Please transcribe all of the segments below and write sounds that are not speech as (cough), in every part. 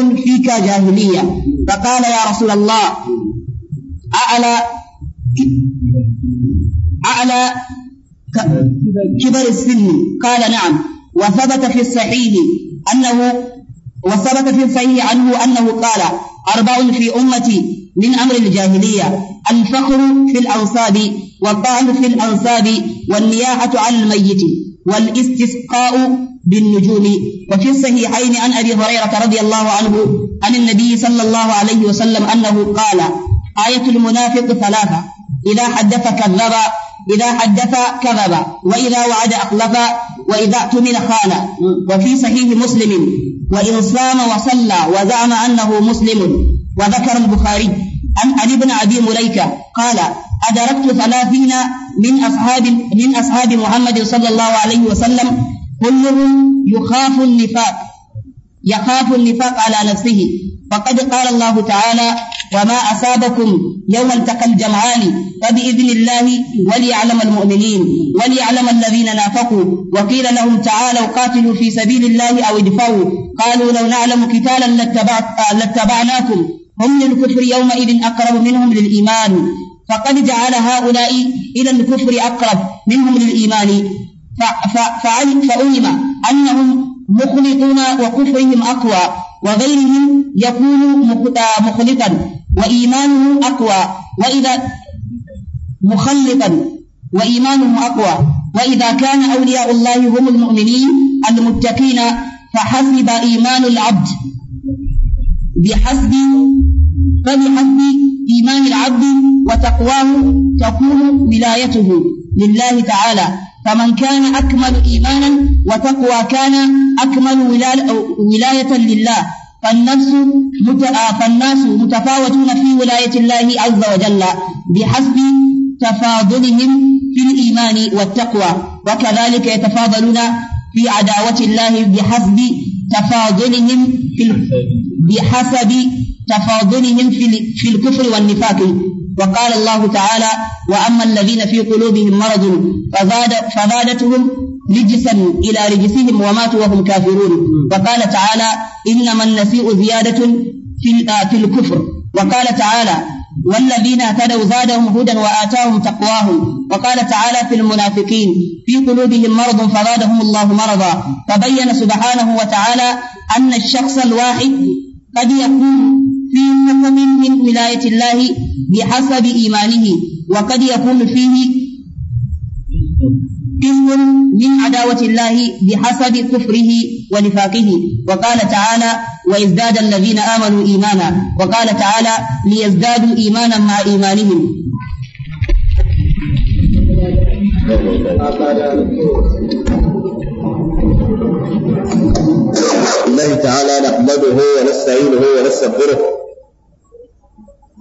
شيء فيك جاهلية فقال يا رسول الله أعلى أعلى كبر السن قال نعم وثبت في الصحيح أنه وثبت في الصحيح عنه أنه قال أربع في أمتي من أمر الجاهلية الفخر في الأنصاب والطعن في الأنصاب والنياحة عن الميت والاستسقاء بالنجوم وفي الصحيحين عن أبي هريرة رضي الله عنه عن النبي صلى الله عليه وسلم أنه قال آية المنافق ثلاثة إذا حدث كذب إذا حدث كذب وإذا وعد أخلف وإذا اؤتمن خان وفي صحيح مسلم وإن صام وصلى وزعم أنه مسلم وذكر البخاري عن علي بن أبي مليكة قال أدركت ثلاثين من أصحاب من أصحاب محمد صلى الله عليه وسلم كلهم طيب يخاف النفاق يخاف النفاق على نفسه فقد قال الله تعالى وما أصابكم يوم التقى الجمعان فبإذن الله وليعلم المؤمنين وليعلم الذين نافقوا وقيل لهم تعالوا قاتلوا في سبيل الله أو ادفعوا قالوا لو نعلم قتالا لاتبعناكم هم للكفر يومئذ أقرب منهم للإيمان فقد جعل هؤلاء إلى الكفر أقرب منهم للإيمان فعلم أنهم مخلطون وكفرهم أقوى وغيرهم يكون آه، مخلطا وإيمانه أقوى وإذا مخلطا وإيمانه أقوى وإذا كان أولياء الله هم المؤمنين المتقين فحسب إيمان العبد بحسب فبحسب إيمان العبد وتقواه تكون ولايته لله تعالى فمن كان أكمل إيمانا وتقوى كان أكمل ولاية لله فالنفس آه، فالناس متفاوتون في ولاية الله عز وجل بحسب تفاضلهم في الإيمان والتقوى وكذلك يتفاضلون في عداوة الله بحسب تفاضلهم في بحسب تفاضلهم في الكفر والنفاق وقال الله تعالى وأما الذين في قلوبهم مرض فزاد فزادتهم رجسا إلى رجسهم وماتوا وهم كافرون وقال تعالى إنما النسيء زيادة في, آه، في الكفر وقال تعالى والذين اهتدوا زادهم هدى وآتاهم تقواهم وقال تعالى في المنافقين في قلوبهم مرض فزادهم الله مرضا فبين سبحانه وتعالى أن الشخص الواحد قد يكون في حكم من ولاية الله بحسب إيمانه وقد يكون فيه قسم من عداوة الله بحسب كفره ونفاقه وقال تعالى ويزداد الذين آمنوا إيمانا وقال تعالى ليزدادوا إيمانا مع إيمانهم الله تعالى نحمده ونستعينه ونستغفره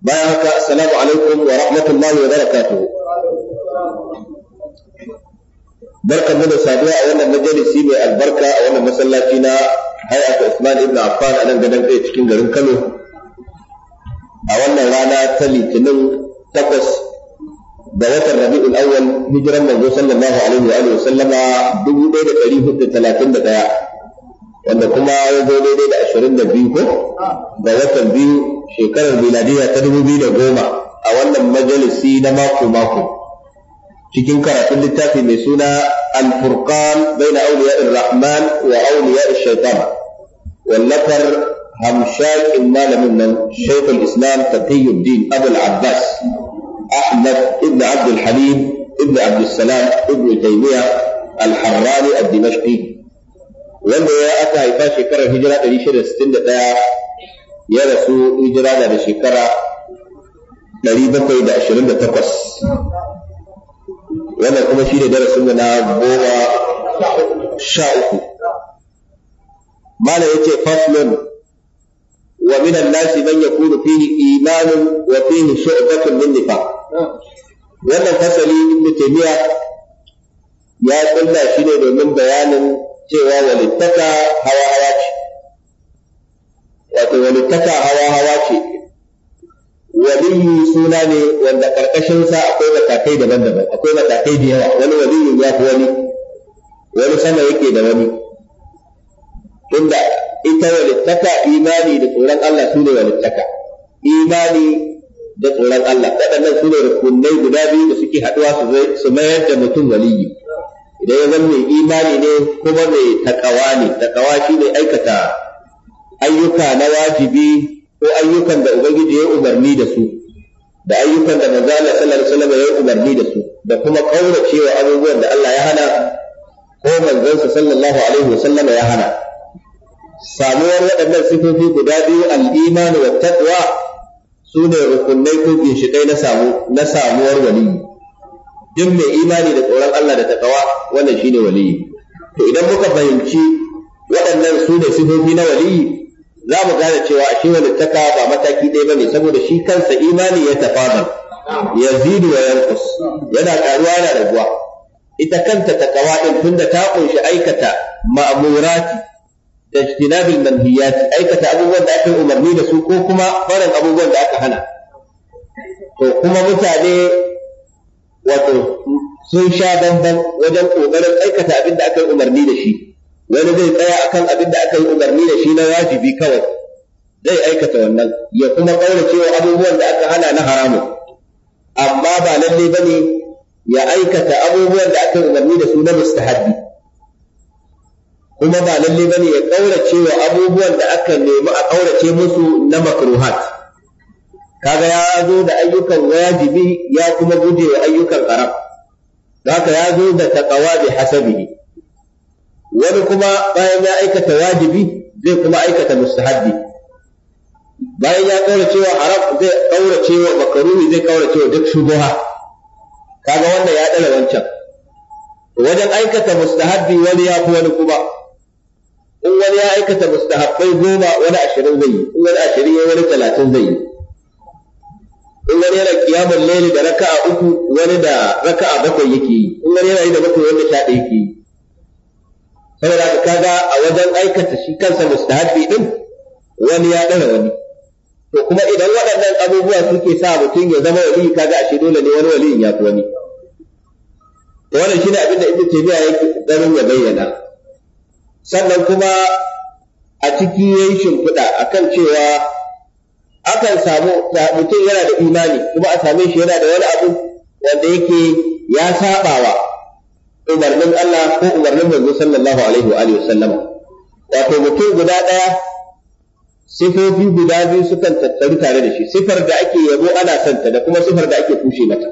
bayan haka assalamu alaikum wa rahmatullahi wa barakatuhu barkan mu da saduwa a wannan majalisi mai albarka a wannan masallaci na hayatu Usman ibn Affan a nan gadon ɗaya cikin garin Kano a wannan rana ta litinin takwas da watan rabi'ul awwal hijiran manzo sallallahu alaihi wa alihi talatin da ɗaya. wanda kuma ya zo daidai da ashirin da biyu ko ga watan biyu shekarar miladiya ta dubu biyu da goma a wannan majalisi na mako-mako cikin karatun littafi mai suna al-furqan baina awliya rahman wa awliya shaitan wallafar hamshakin malamin nan shaikhul islam taqiyuddin abul abbas ahmad ibn abdul halim ibn abdul salam ibn taymiya al-harrani ad-dimashqi wanda ya aka haifa shekarar hijira 661 ya rasu hijira da shekara 728 wannan kuma shi ne darasin na goma sha uku mana ya ce faslun wa minan nasi man yakunu fihi imanun wa fihi shu'batun min nifaq wannan fasali ibn taymiya ya tsalla shi ne domin bayanin cewa walittaka hawa hawa ce wato walittaka hawa hawa ce waliyu suna ne wanda karkashinsa akwai matakai daban-daban akwai matakai da yawa wani waliyu ya fi wani wani sama yake da wani tunda ita walittaka imani da tsoron Allah su ne walittaka imani da tsoron Allah waɗannan su ne rukunai guda biyu da suke haɗuwa su mayar da mutum waliyu. idan ya zama mai imani ne kuma mai takawa ne takawa shi ne aikata ayyuka na wajibi ko ayyukan da ubangiji ya umarni da su da ayyukan da manzo Allah sallallahu alaihi wasallam ya umarni da su da kuma kauracewa abubuwan da Allah ya hana ko manzonsa sallallahu alaihi wasallam ya hana samuwar waɗannan sifofi guda biyu al-iman wa taqwa su rukunai ko ginshiƙai na samu na samuwar waliyi duk mai imani da tsoron Allah da takawa wannan shine waliyi to idan muka fahimci waɗannan su ne sifofi na waliyi za mu gane cewa ashe walittaka ba mataki ɗaya ne saboda shi kansa imani ya tafadar yazidu wa Yankus yana ƙaruwa yana raguwa ita kanta takawa ɗin tunda ta ƙunshi aikata ma'amurati da ijtinabil manhiyat aikata abubuwan da aka umarni da su ko kuma barin abubuwan da aka hana to kuma mutane wato sun sha bamban wajen ƙoƙarin aikata abin da aka yi umarni da shi wani zai tsaya akan abin da aka yi umarni da shi na wajibi kawai zai aikata wannan ya kuma ƙaurace wa abubuwan da aka hana na haramun amma ba lalle ba ne ya aikata abubuwan da aka yi umarni da su na mustahabbi kuma ba lalle ba ne ya ƙaurace wa abubuwan da aka nemi a ƙaurace musu na makruhat kaga ya zo da ayyukan wajibi ya kuma guje wa ayyukan haram haka ya zo da taqawa bi hasabihi wani kuma bayan ya aikata wajibi zai kuma aikata mustahabbi bayan ya kaurace wa haram zai kaurace wa makaruhi zai kaurace wa duk shubuha kaga wanda ya dala wancan wajen aikata mustahabbi wani ya fi wani kuma in wani ya aikata mustahabbai goma wani ashirin zai yi in wani ashirin ya wani talatin zai yi in wani yana kiyamun leli da raka'a uku wani da raka'a bakwai yake yi in wani yana yi da bakwai wanda sha ɗaya yake yi saboda haka kaga a wajen aikata shi kansa mustahabi din wani ya ɗara wani to kuma idan waɗannan abubuwa suke sa mutum ya zama wali kaga ashe dole ne wani waliyin ya fi wani to wannan shine abin da ibnu taymiya yake kokarin ya bayyana sannan kuma a ciki yayin shimfiɗa akan cewa akan samu mutum yana da imani kuma a same shi yana da wani abu wanda yake ya sabawa umarnin Allah ko umarnin manzo sallallahu alaihi wa alihi wato mutum guda daya sifofi guda biyu sukan tattaru tare da shi sifar da ake yabo ana santa da kuma sifar da ake kushe mata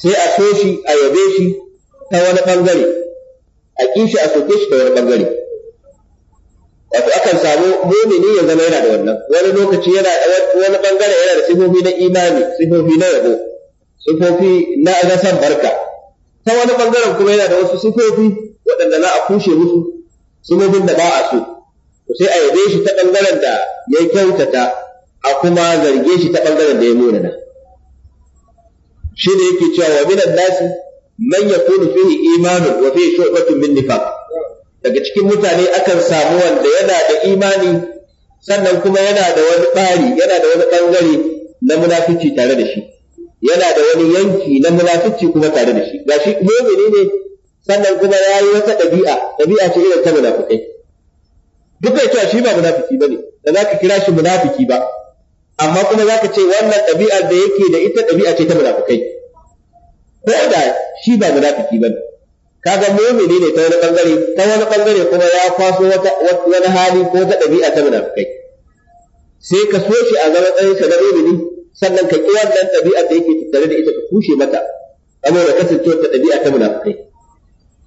sai a so shi a yabe shi ta wani bangare a kishi a soke shi ta wani bangare wato akan samu mumini ya zama yana da wannan wani lokaci yana wani bangare yana da sifofi na imani sifofi na yabo sifofi na san barka ta wani bangaren kuma yana da wasu sifofi waɗanda za a kushe musu sifofin da ba a so to sai a yabe shi ta bangaren da ya kyautata a kuma zarge shi ta bangaren da ya munana shi ne yake cewa wa minan nasi man yakunu fihi imanun wa fihi shu'batun min nifaq daga cikin mutane akan samu wanda yana da imani sannan kuma yana da wani ɓari yana da wani ɓangare na munafici tare da shi yana da wani yanki na munafici kuma tare da shi shi mumini ne sannan kuma ya yi wata ɗabi'a ɗabi'a ce irin ta munafikai duk da cewa shi ba munafiki bane da za ka kira shi munafiki ba amma kuma za ka ce wannan ɗabi'ar da yake da ita ɗabi'a ce ta munafikai ko da shi ba munafiki bane kaga mumini ne ta wani bangare ta wani bangare kuma ya kwaso wani hali ko ta ɗabi'a ta munafikai sai ka so shi a matsayin sa na mumini sannan ka ƙi wannan ɗabi'a da yake tattare da ita ka kushe mata saboda kasancewar ta ɗabi'a ta munafikai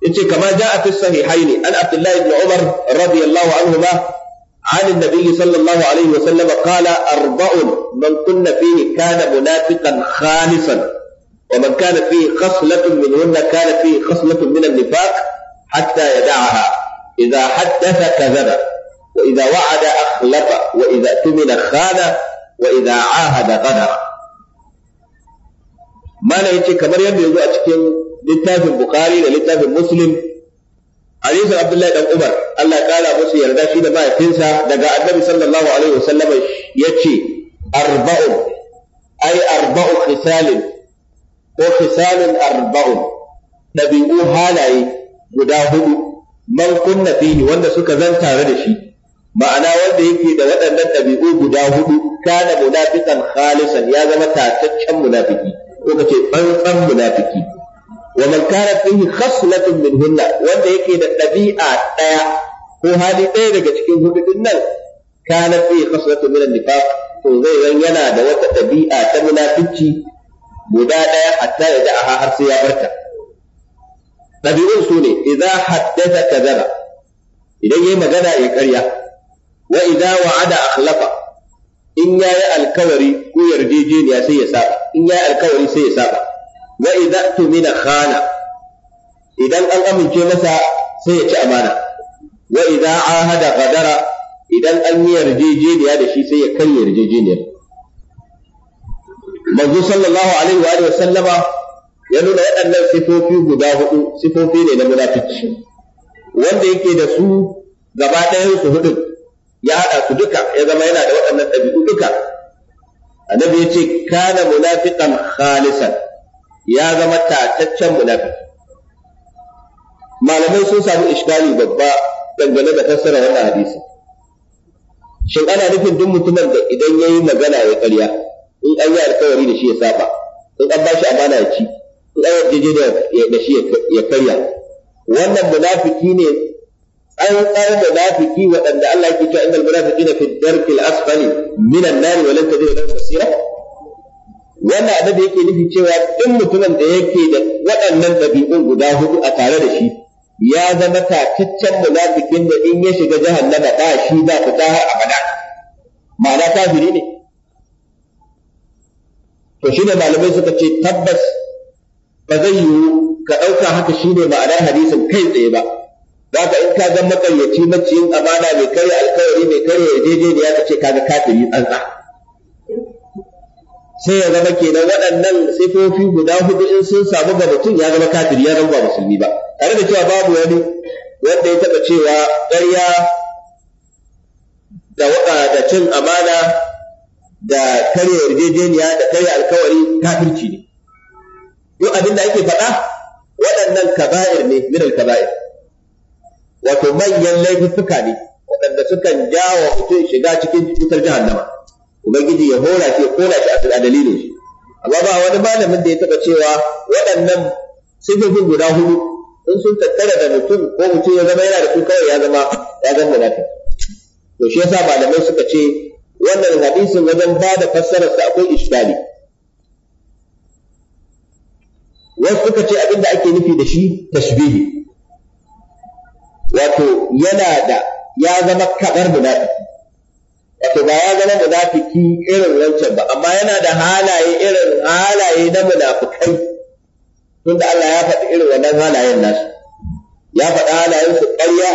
yace kama ja'a fi sahihaini an abdullahi ibn umar radiyallahu anhuma عن النبي صلى الله عليه وسلم قال أربع من كن فيه كان منافقا خالصا ومن كان فيه خصلة منهن كان فيه خصلة من النفاق حتى يدعها إذا حدث كذب وإذا وعد أخلف وإذا اؤتمن خان وإذا عاهد غدر ما لا يجي كمر يبدو يزوء أتكين لتاف البخاري لتاف المسلم حديث عبد الله بن عمر الله قال أبو سير ذا شيء ما يتنسى دقاء النبي صلى الله عليه وسلم يجي أربع أي أربع خسال ko fisalin arba'un ɗabi'u halaye guda hudu man kunna fihi wanda suka zan tare da shi ma'ana wanda yake da waɗannan ɗabi'u guda hudu kana munafiqan khalisan ya zama tataccen munafiki ko kace tsantsan munafiki wa man kana fihi khaslatun minhunna wanda yake da ɗabi'a ɗaya ko hali ɗaya daga cikin hudu din nan kana yana da wata ɗabi'a ta munafici guda ɗaya hatta ya da'aha har sai ya barta ɗabi'un su ne idan haddasa kazara idan yayi magana ya karya wa idan wa'ada akhlafa in ya yi alkawari ko yarjejeniya sai ya saba in ya yi alkawari sai ya saba wa idan tumina khana idan an amince masa sai ya ci amana wa idan ahada qadara idan an yi yarjejeniya da shi sai ya kan yarjejeniyar manzo sallallahu alaihi wa alihi sallama ya nuna waɗannan sifofi guda hudu sifofi ne na munafiki wanda yake da su gaba ɗayan su hudu ya haɗa su duka ya zama yana da waɗannan ɗabi'u duka annabi ya ce kana munafiqan khalisan ya zama tataccen munafiki malamai sun samu iskali babba dangane da fassara wannan hadisi shin ana nufin duk mutumin da idan yayi magana ya karya? in an yi alkawari da shi ya saba in an bashi amana ya ci in an yarjeje da shi ya karya wannan munafiki ne an tsar munafiki waɗanda Allah yake cewa innal munafiqina fi darki al-asfali minan nar wa lan tajid lahum basira wannan abin da yake nufi cewa duk mutumin da yake da waɗannan ɗabi'un guda hudu a tare da shi ya zama tataccen munafikin da in ya shiga jahannama ba shi ba fita har abada ma'ana kafiri ne to shi ne malamai suka ce tabbas ba zai yiwu ka ɗauka haka shi ne ma'anar hadisin kai tsaye ba za ka in ka ga makaryaci maciyin amana mai karya alkawari mai karya ya ka ce kaga kafiri tsantsa sai ya zama kenan waɗannan sifofi guda hudu in sun samu ga mutum ya zama kafiri ya zama ba musulmi ba tare da cewa babu wani wanda ya taɓa cewa ƙarya da cin amana da karya yarjejeniya da karya alkawari kafirci ne Yau abin da ake faɗa waɗannan kaba'ir ne min kaba'ir wato manyan laifuka ne waɗanda sukan jawo mutum shiga cikin cutar jahannama ubangiji ya hora shi ya kona shi a dalilin shi amma ba wani malamin da ya taɓa cewa waɗannan sifofin guda hudu in sun tattara da mutum ko mutum ya zama yana da su kawai ya zama ya zama munafiki to shi yasa malamai suka ce wannan hadisin wajen ba da sa akwai iskali wasu suka ce abin da ake nufi da shi tashbihi wato yana da ya zama kamar munafiki wato ba ya zama munafiki irin wancan ba amma yana da halaye irin halaye na munafikai tunda Allah ya faɗi irin wannan halayen nasu ya faɗi halayen su ƙarya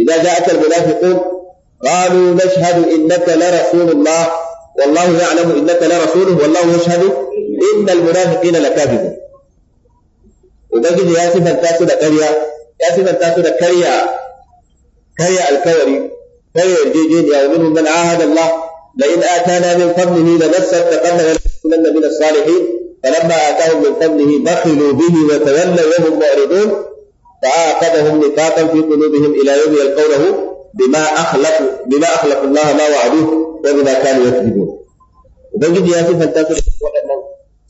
idan ja'atul munafiqun قالوا نشهد انك لرسول الله والله يعلم انك لرسوله والله يشهد ان المنافقين لكاذبون وبجد يا سيف التاسو ده كريا يا سيف التاسو ده كريا كريا الكوري كريا الجيجين يا من من عاهد الله لئن اتانا من فضله لمسك قبل ان من الصالحين فلما اتاهم من فضله بخلوا به وتولوا وهم معرضون فعاقبهم نفاقا في قلوبهم الى يوم يلقونه bima akhlaqu bima akhlaqu Allah ma wa'adu wa bima kanu yakذibun ubangiji ya sifanta su da waɗannan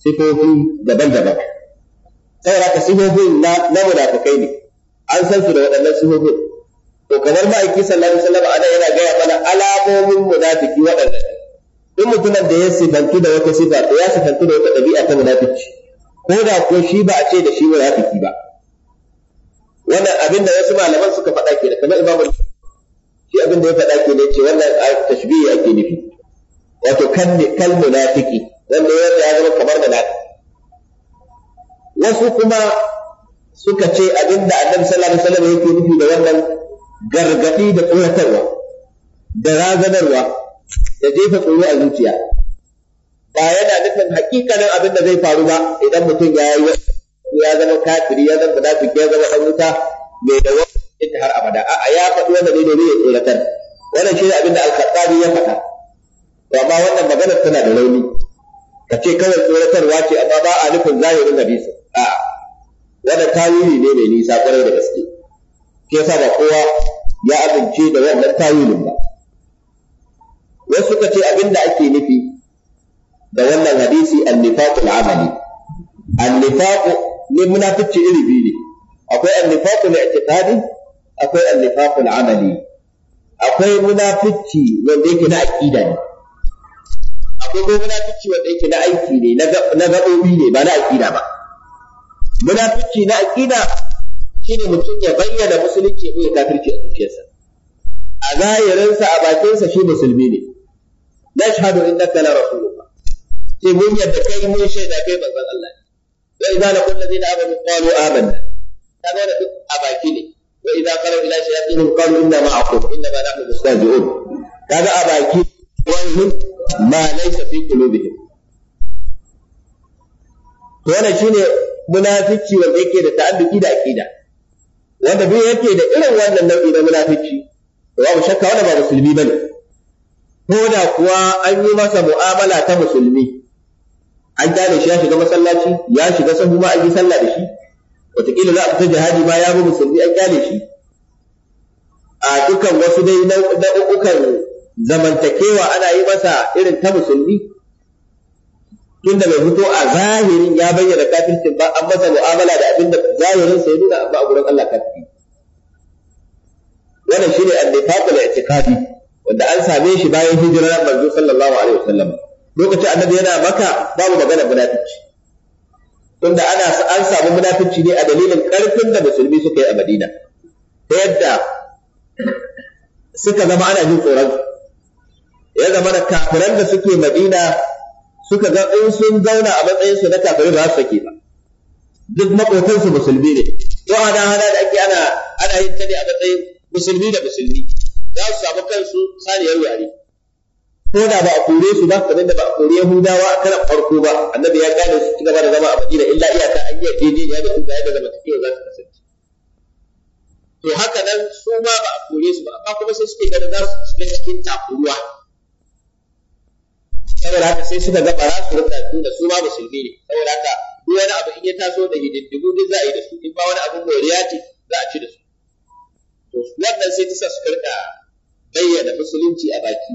sifofi daban-daban saboda ka sifofin na na munafikai ne an san su da waɗannan sifofin to kamar ma'aiki sallallahu alaihi wasallam ana yana gaya mana alamomin munafiki waɗannan in mutumin da ya sifantu da wata sifa to ya sifantu da wata ɗabi'a ta munafiki ko da ko shi ba a ce da shi munafiki ba wannan abin da wasu malaman suka faɗa ke da kamar imamu abin da ya faɗa ke ne ce wannan tashbihi ake nufi wato kal munafiki wanda ya zama kamar munafiki wasu kuma suka ce abin da annabi sallallahu alaihi wasallam yake nufi da wannan gargadi da tsoratarwa da razanarwa da jefa tsoro a zuciya ba yana nufin hakikanin abin da zai faru ba idan mutum ya yi ya zama kafiri ya zama munafiki ya zama dan wuta mai da ita har abada a'a ya faɗi wanda ne domin ya tsoratar wannan shi ne abin da alkhattabi ya faɗa to amma wannan magana tana da rauni ka ce kawai tsoratarwa ce amma ba a nufin zahirin hadisi a'a wanda tawili ne mai nisa kwarai da gaske ke sa ba kowa ya amince da wannan tawilin ba wasu suka ce abin da ake nufi da wannan hadisi annifaqul amali annifaq ne munafici iri biyu ne akwai annifaqul i'tiqadi akwai annifaqul amali akwai munafici wanda yake na aqida ne akwai kuma munafici wanda yake na aiki ne na gaɓoɓi ne ba na aqida ba munafici na aqida shine mutum ya bayyana musulunci ko ya kafirci a zuciyarsa a zahirinsa a bakinsa shi musulmi ne nashhadu innaka la rasulullah sai mun yadda kai mun shaida kai manzon Allah ne wa idza laqul ladina amanu qalu amanna kaga da duk a baki ne وإذا قالوا إلى شياطينهم قالوا إنا معكم إنما نحن مستهزئون هذا أباكي وهم ما ليس في قلوبهم wannan shine munafici wanda yake da ta'adduki da aqida wanda duk yake da irin wannan nau'i na munafici babu shakka wanda ba musulmi bane ko da kuwa an yi masa mu'amala ta musulmi an gane shi ya shiga masallaci ya shiga sahu ma an yi sallah da shi wataƙila za a fita jihadi ma ya bi musulmi an kyale shi a dukan wasu dai nau'ukan zamantakewa ana yi masa irin ta musulmi tunda bai fito a zahirin ya bayyana kafircin ba an masa mu'amala da abin da zahirin sai nuna amma a gurin Allah kafiri wannan shine annifaqul i'tiqadi wanda an same shi bayan hijirar manzo sallallahu alaihi wasallam lokacin annabi yana maka babu magana munafiki tunda ana an samu munafici ne a dalilin ƙarfin da musulmi suka yi a Madina ta yadda suka zama ana jin tsoron ya zama da kafiran da suke Madina suka ga in sun zauna a matsayin su na kafirai ba su sake ba duk maƙotansu musulmi ne to ana hana da ake ana ana yin ta ne a matsayin musulmi da musulmi za su samu kansu saniyar yare ko da ba a kore su ba kamar da ba a kore Yahudawa a karan farko ba annabi ya gane su cigaba da zama a Madina illa iyaka an yi yarjejeniya da su ga zama tafiya za ta kasance to haka nan su ma ba a kore su ba amma kuma sai suke ganin za su shiga cikin takuruwa saboda haka sai suka ga bara su rika da su ma musulmi ne saboda haka duk wani abu in ya taso da hididdigu duk za a yi da su in ba wani abin moriya ce za a ci da su to wannan sai ta sa su karka bayyana musulunci a baki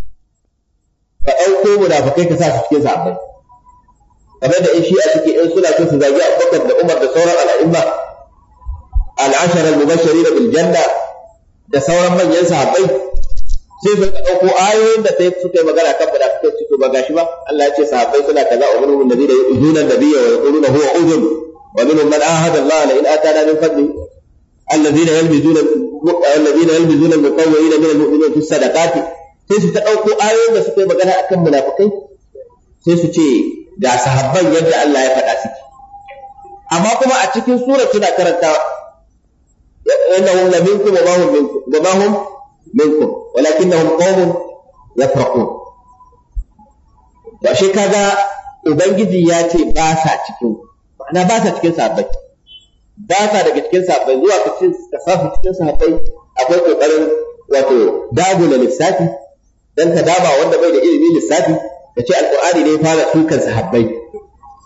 ka ɗauko munafukai ka sa su cikin sahabbai kamar da in shi'a suke in suna so su zagi abubakar da umar da sauran al'a'imma al'ashar al-mubashari da biljanna da sauran manyan sahabbai sai su ɗauko ayoyin da sai suka yi magana kan munafukai su to ba gashi ba Allah ya ce sahabbai suna kaza wa minhum alladhina yu'minuna nabiyya wa yaquluna huwa udhun wa minhum man ahada Allah la in atana min fadli alladhina yalmizuna alladhina yalmizuna al-muqawwina min al-mu'minina fi sadaqati sai su ta ɗauko ayoyin da suka yi magana akan munafukai sai su ce ga sahabban yadda Allah ya faɗa suke amma kuma a cikin sura suna karanta innahum la minkum wa ma hum minkum wa ma hum minkum walakinnahum qawmun yafraqun to kaga ubangiji ya ce ba sa cikin ma'ana ba sa cikin sahabbai ba sa daga cikin sahabbai zuwa ka sa cikin sahabbai akwai kokarin wato dagula lissafi dan ka daba wanda bai da ilimi lissafi ka ce alqur'ani ne fara tukan sahabbai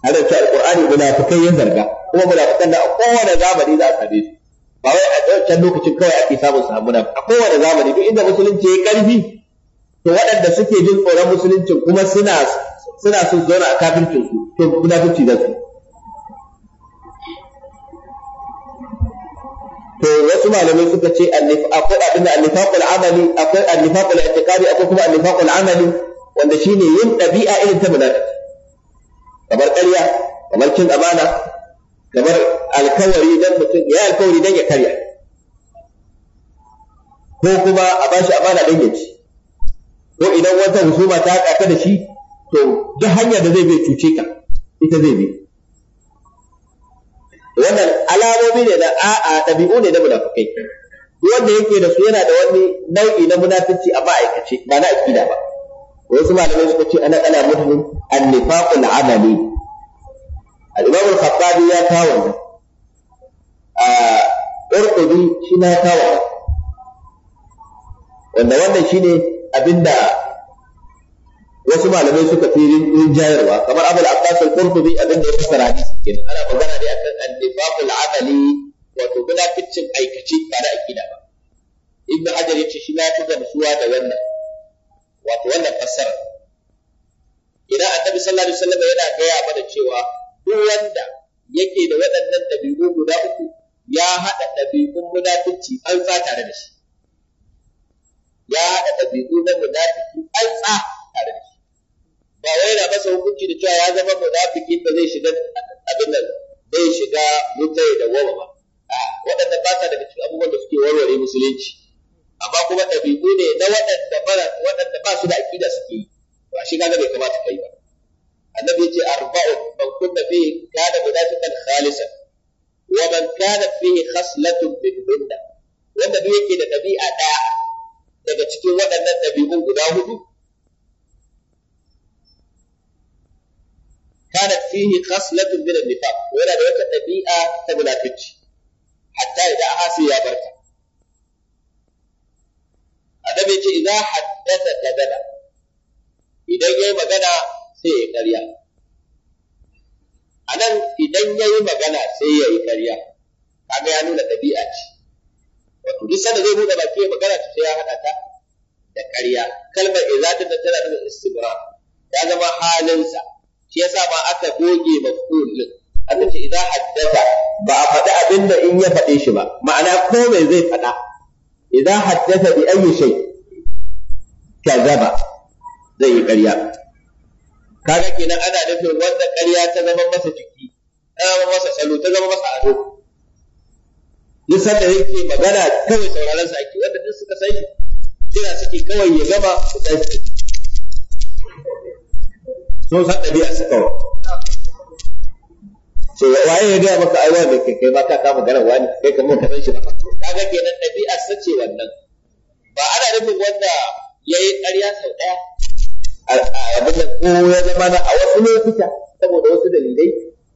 har ta alqur'ani kai ya zarga kuma munafikan da a kowane zamani za a same su ba wai a wancan lokacin kawai ake samun sahabbuna a kowane zamani duk inda musulunci ya karfi to waɗanda suke jin tsoron musuluncin kuma suna suna son zauna a kafircin su to munafurci za su to wasu malamai suka ce akwai abin da annifaqul amali akwai annifaqul i'tiqadi akwai kuma annifaqul amali wanda shine yin ɗabi'a irin ta munafiki kamar ƙarya kamar cin amana kamar alkawari dan mutum ya alkawari dan ya karya ko kuma a bashi amana dan ya ci ko idan wata husuma ta haɗa da shi to duk hanyar da zai bi cuce ka ita zai bi wannan alamomi ne na a'a ɗabi'u ne na munafukai wanda yake da su yana da wani nau'i na munafici a ma'aikace ba na aƙida ba wasu malamai suka ce ana ana mutum annifaqul amali al-imam al-khattabi ya kawo a qurtubi shi na kawo wanda wannan shine abinda wasu malamai suka fi rinjayarwa kamar abul abbas al-qurtubi abin da ya fassara hadisi kenan ana magana ne akan an-nifaqul amali wato munaficin aikace ba da akida ba ibnu hajar yace shi ma fi gamsuwa da wannan wato wannan fassara idan annabi sallallahu alaihi wasallam yana gaya mana cewa duk wanda yake da waɗannan ɗabi'u guda uku ya haɗa ɗabi'un munafici an tare da shi ya haɗa ɗabi'u na munafiki an tsa tare da shi ba wai yana masa hukunci da cewa ya zama munafikin da zai shiga abin nan zai shiga mutai da wama ba a waɗannan ba sa daga cikin abubuwan da suke warware musulunci amma kuma ɗabi'u ne na waɗanda mara waɗanda ba su da aƙida suke yi ba shi kaga bai kamata kai ba annabi ya ce arba'un man kunna fihi kana munafiqan khalisan wa man kana fihi khaslatun min dunna wanda duk yake da ɗabi'a ɗaya daga cikin waɗannan ɗabi'un guda hudu kanat fihi khaslatun min an-nifaq yana da wata dabi'a ta munafici hatta idan hasi ya barka adabi ce idan haddatha kadaba idan yayi magana sai ya karya anan idan yayi magana sai ya yi karya kaga ya nuna dabi'a ce wato duk sanda zai buɗe baki ya magana ta ya hada da karya kalmar izatin da tana nuna istibrar ya zama halinsa shi yasa ba aka goge maf'ul din abin ce idan haddasa ba a faɗi abin da in ya faɗe shi ba ma'ana ko me zai faɗa idan haddasa bi ayi shay kazaba zai yi ƙarya kaga kenan ana nufin wanda ƙarya ta zama masa jiki ta zama masa salo ta zama masa ado da sanda yake magana kawai sauraron sa ake wanda duk suka san shi jira suke kawai ya gama su ɗan sun san ɗabi'a su kawai ce waye ya gaya maka aiwa mai kai ba ka kama gara wani kai kamar ka san shi ba kaga kenan ɗabi'a sace wannan ba ana nufin wanda ya yi ƙarya sau ɗaya abin da ko ya zama na a wasu lokuta saboda wasu dalilai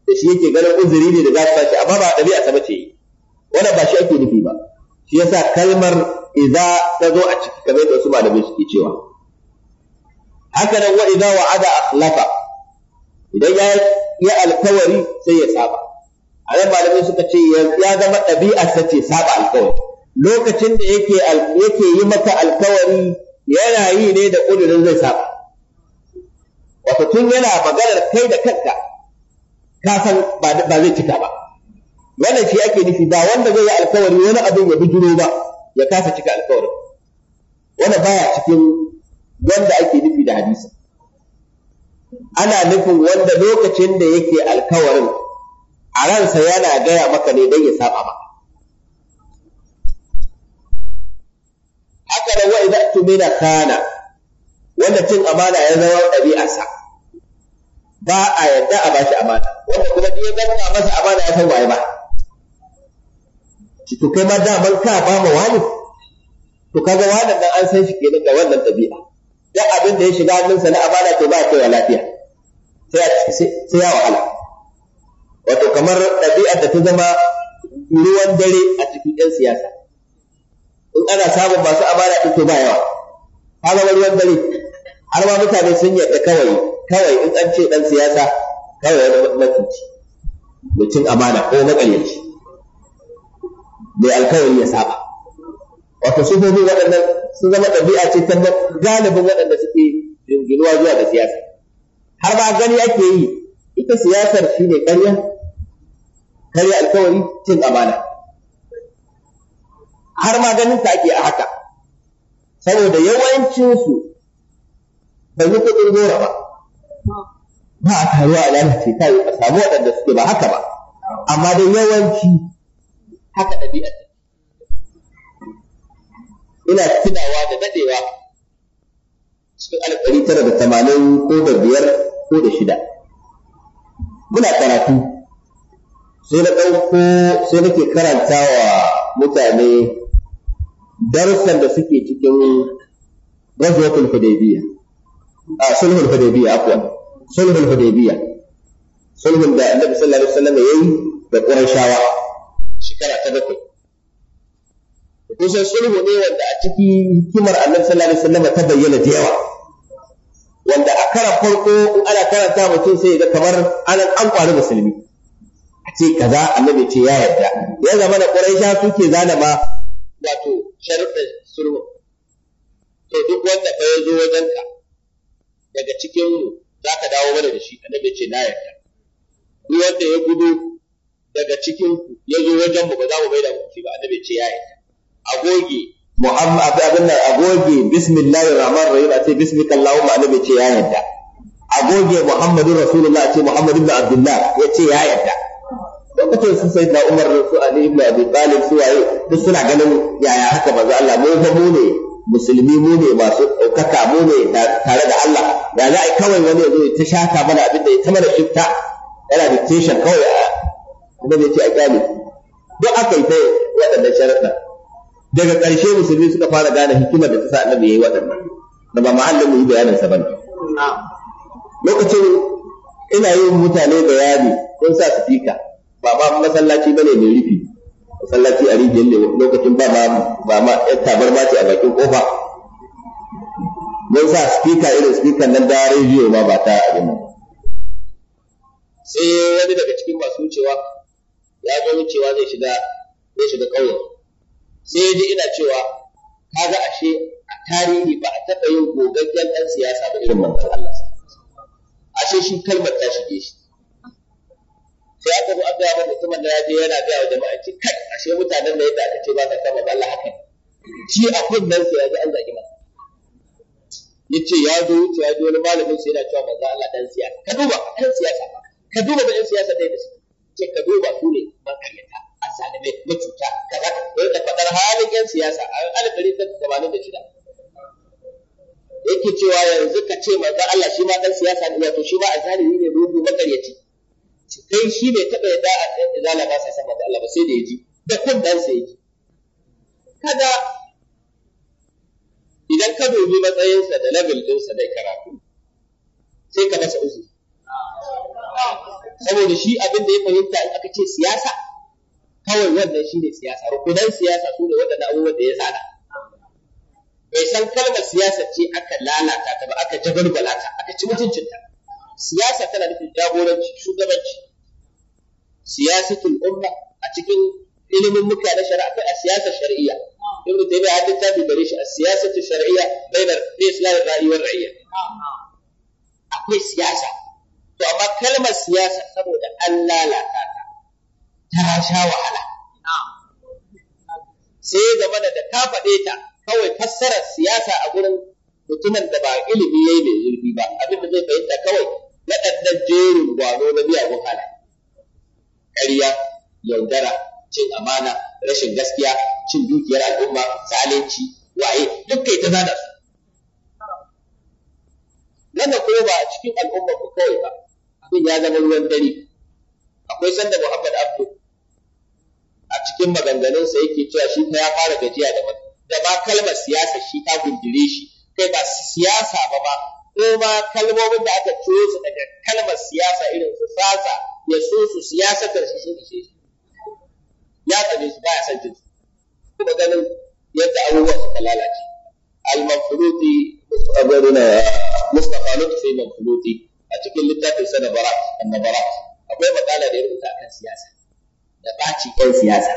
da shi yake ganin uzuri ne da za su sace amma ba ɗabi'a sa bace wannan ba shi ake nufi ba shi yasa kalmar idan ta zo a ciki kamar yadda wasu malamai suke cewa haka nan wa idza wa'ada akhlafa idan ya yi alkawari sai ya saba a nan malamai suka ce ya zama ɗabi'ar sa ce saba alkawari lokacin da yake yake yi maka alkawari yana yi ne da ƙudurin zai saba wato tun yana maganar kai da kanka ka san ba zai cika ba wannan shi ake nufi ba wanda zai yi alkawari wani abin ya bijiro ba ya kasa cika alkawarin wannan baya cikin wanda ake nufi da hadisi ana nufin wanda lokacin da yake alkawarin a ransa yana gaya maka ne don ya saba maka haka nan wa idan tumina kana wanda cin amana ya zama ɗabi'arsa ba a yadda a bashi amana wanda kuma duk ya ganta masa amana ya san waye ba to kai ma daman ka ba ma wani to kaga wannan dan an san shi kenan da wannan ɗabi'a duk abin da ya shiga hannunsa na amana to ba a kaiwa lafiya sai ya wahala wato kamar ɗabi'a da ta zama ruwan dare a cikin ɗan siyasa in ana samun masu amana ɗin to ba yawa har zama ruwan dare har ma mutane sun yadda kawai kawai in an ce ɗan siyasa kawai wani mafici mutum amana ko maƙaryaci mai alkawari ya saba wato sifofi waɗannan sun zama ɗabi'a ce ta galibin waɗanda suke jinginuwa zuwa da siyasa har ba gani ake yi ita siyasar shi ne ƙarya karya alkawari cin amana har ma ganin ta ake a haka saboda yawancinsu bai yi kuɗin gora ba ba a taruwa a lalace ta yi a samu waɗanda suke ba haka ba amma dai yawanci haka ɗabi'a ina tunawa da dadewa cikin alif tara da tamanin ko da biyar ko da shida muna karatu sai na ɗauko sai nake karanta wa mutane darussan da suke cikin rajuwatul hudaybiya a sulhul hudaybiya akwa sulhul hudaybiya sulhul da annabi sallallahu alaihi wasallam yayi da qurayshawa kusan sulhu ne wanda a ciki hikimar annabi sallallahu alaihi wasallam ta bayyana da yawa wanda a karan farko in ana karanta mutum sai ga kamar an an kwari musulmi a ce kaza annabi ce ya yarda ya zama da quraisha suke zalama wato sharifin sulhu to duk wanda ka zo ka daga cikin za ka dawo mana da shi annabi ce na yarda duk wanda ya gudu daga cikin ya zo wajen mu ba za mu bai da mu ba annabi ce ya yarda Agoge Muhammad abin nan a goge bismillahir rahmanir rahim ace ce bismika allahumma annabi ce ya yarda Agoge muhammadur Muhammadu rasulullah a ce Muhammad ibn Abdullah ya ce ya yarda lokacin su sai da Umar su Ali ibn Abi Talib su waye duk suna ganin yaya haka manzo Allah mu ba mu ne musulmi mu ne masu ɗaukaka mu ne tare da Allah ya za a kawai wani ya zo ta shaka mana abin da ya ta mana shifta yana da dictation kawai a ne ce a kyale duk aka yi ta waɗannan sharaɗa daga ƙarshe musulmi suka fara gane hikimar da ta sa annabi yayi waɗannan da ba mahallin mu yi bayanin sa bane lokacin ina yin mutane bayani kun sa sifika ba ba masallaci bane mai rufi masallaci a rijiyar ne lokacin ba ma ba ma tabar ce a bakin kofa mun sa sifika irin sifikan nan da rediyo ma ba ta abin sai wani daga cikin masu wucewa ya ga wucewa zai shiga zai shiga ƙauyen sai dai ji ina cewa ga ashe a tarihi ba a taɓa yin gogaggen ɗan siyasa ba irin manzon Allah ashe shi kalmar ta shige shi sai aka zo abuwa yawa mutumin da ya je yana gaya wa jama'a ce kai ashe mutanen da yadda aka ce ba ka kama ba Allah haka shi a kunnen sa ya ji an zagi masa yace ya zo wuce ya ji wani malamin sai yana cewa manzon Allah dan siyasa ka duba ɗan siyasa ka duba da ɗan siyasa ɗaya da su ce ka duba su ne makaryata sani na cuta kaza da faɗar halin 'yan siyasa a alif ɗari ta gabanin da shida yake cewa yanzu ka ce manzon Allah shi ma dan siyasa ne wato shi ma azalimi ne rubu makaryaci kai shi ne taɓa yadda a tsayar da zala ba sa san Allah ba sai da ya ji da kun dan sai ya ji kaga idan ka dubi matsayinsa da level ɗinsa da karatu sai ka masa uzuri saboda shi abin da ya fahimta in aka ce siyasa kawai wannan shi ne siyasa rukunan siyasa su ne waɗanda abubuwan da ya tsada bai san kalmar siyasa ce aka lalata ta ba aka jabalbala ta aka ci mutuncinta siyasa tana nufin jagoranci shugabanci siyasatul umma a cikin ilimin muka na shari'a akwai a siyasar shari'iyya ibnu taymiya ya littafi gare shi a siyasatul shar'iyya bainar islam da wal ra'iyya akwai siyasa to amma kalmar siyasa saboda an lalata ta ta sha wahala sai game da ta faɗe ta kawai fassarar siyasa a gurin mutumin da ba ilimi yayi mai zurfi ba abin da zai fahimta kawai na ɗanɗan jerin gwano na miyagun hala ƙarya yaudara cin amana rashin gaskiya cin dukiyar al'umma zalunci waye duk kai ta zana su nan kuma ba a cikin al'ummar mu kawai ba abin ya zama ruwan dare akwai sanda Muhammad Abdul a cikin maganganunsa yake cewa shi ta ya fara gajiya da wani da ma kalmar siyasa shi ta gundure shi kai ba siyasa ba ma ko ma kalmomin da aka ciro su daga kalmar siyasa irin su sasa ya so su siyasatar shi shi ne shi ya tsane su ba ya jin su kuma ganin yadda abubuwa suka lalace al-mafruti abuna mustafa sai mafruti a cikin littafin sa da akwai makala da ya rubuta akan siyasa da ɓacin 'yan siyasa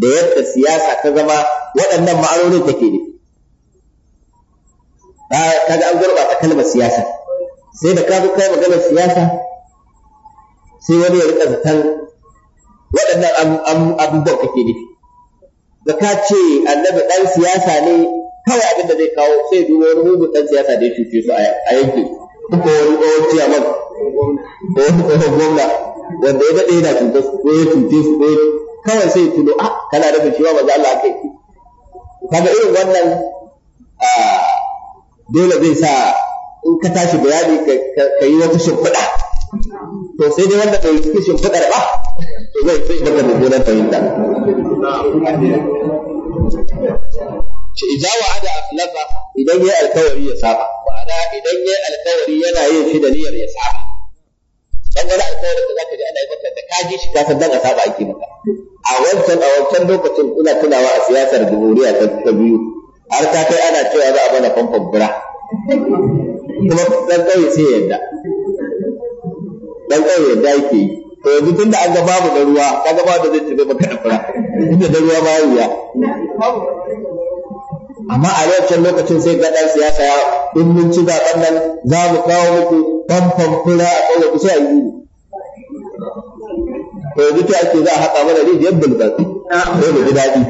da yadda siyasa ta zama waɗannan ma'anonin take ne ta ga an gurɓata kalmar siyasa sai da kafin kai maganar siyasa sai wani ya rika zaton waɗannan abubuwan kake ne, da ka ce annabi ɗan siyasa ne kawai abin da zai kawo sai duba wani mugun ɗan siyasa da ya cuce su a yankin ko wani tsohon ciyaman ko wani tsohon gwamna wanda ya daɗe yana cutar su ko ya cuce su ko kawai sai tuno a ah, kana da shi ba maza Allah kai kaga irin wannan dole zai sa in ka tashi bayani ka yi wata shimfiɗa to sai dai wanda bai yi shimfiɗar ba to zai fi daga mummunan fahimta ce ijawa ada akhlafa idan yi alkawari ya saba ba'ana idan yi alkawari yana yin shi da niyyar ya saba dan wani alƙawarin da zaka ji ana yi maka da ka ji shi ka san dan asaba ake maka a wancan a wancan lokacin ina tunawa a siyasar jamhuriya ta biyu har ta kai ana cewa za a bana famfon bura kuma dan ƙauye sai yadda dan ƙauye yadda yake yi to yanzu tunda an ga babu da ruwa ka ga babu da zai tafi maka da fura inda da ruwa ba ya amma a lokacin lokacin sai ga dan siyasa ya ɗumbin mun ci zaben nan za mu kawo muku famfan fura a kauye ku sai a yi to yanzu ta ake za a haƙa mana rijiyar bulbaki sai mu ji daɗi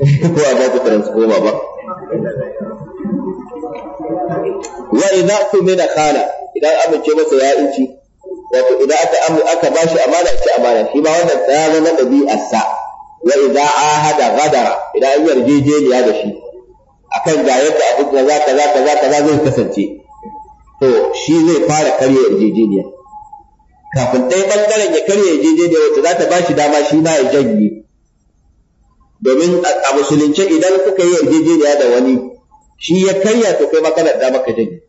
(laughs) ko a ba su koma ba wa idza mina khala idan amince masa ya inci wato idan aka aka bashi amana ita amana shi ba wannan tsaya na dabi'ar sa wa idza ahada ghadara idan an yarjejeniya da shi akan ga yadda abu kaza kaza kaza zai kasance to shi zai fara karya yarjejeniya kafin dai ɓangaren ya karya yarjejeniya wacce za ta ba shi dama shi ma ya janye domin a musulunce idan kuka yi yarjejeniya da wani shi ya karya to kai makanar da maka janye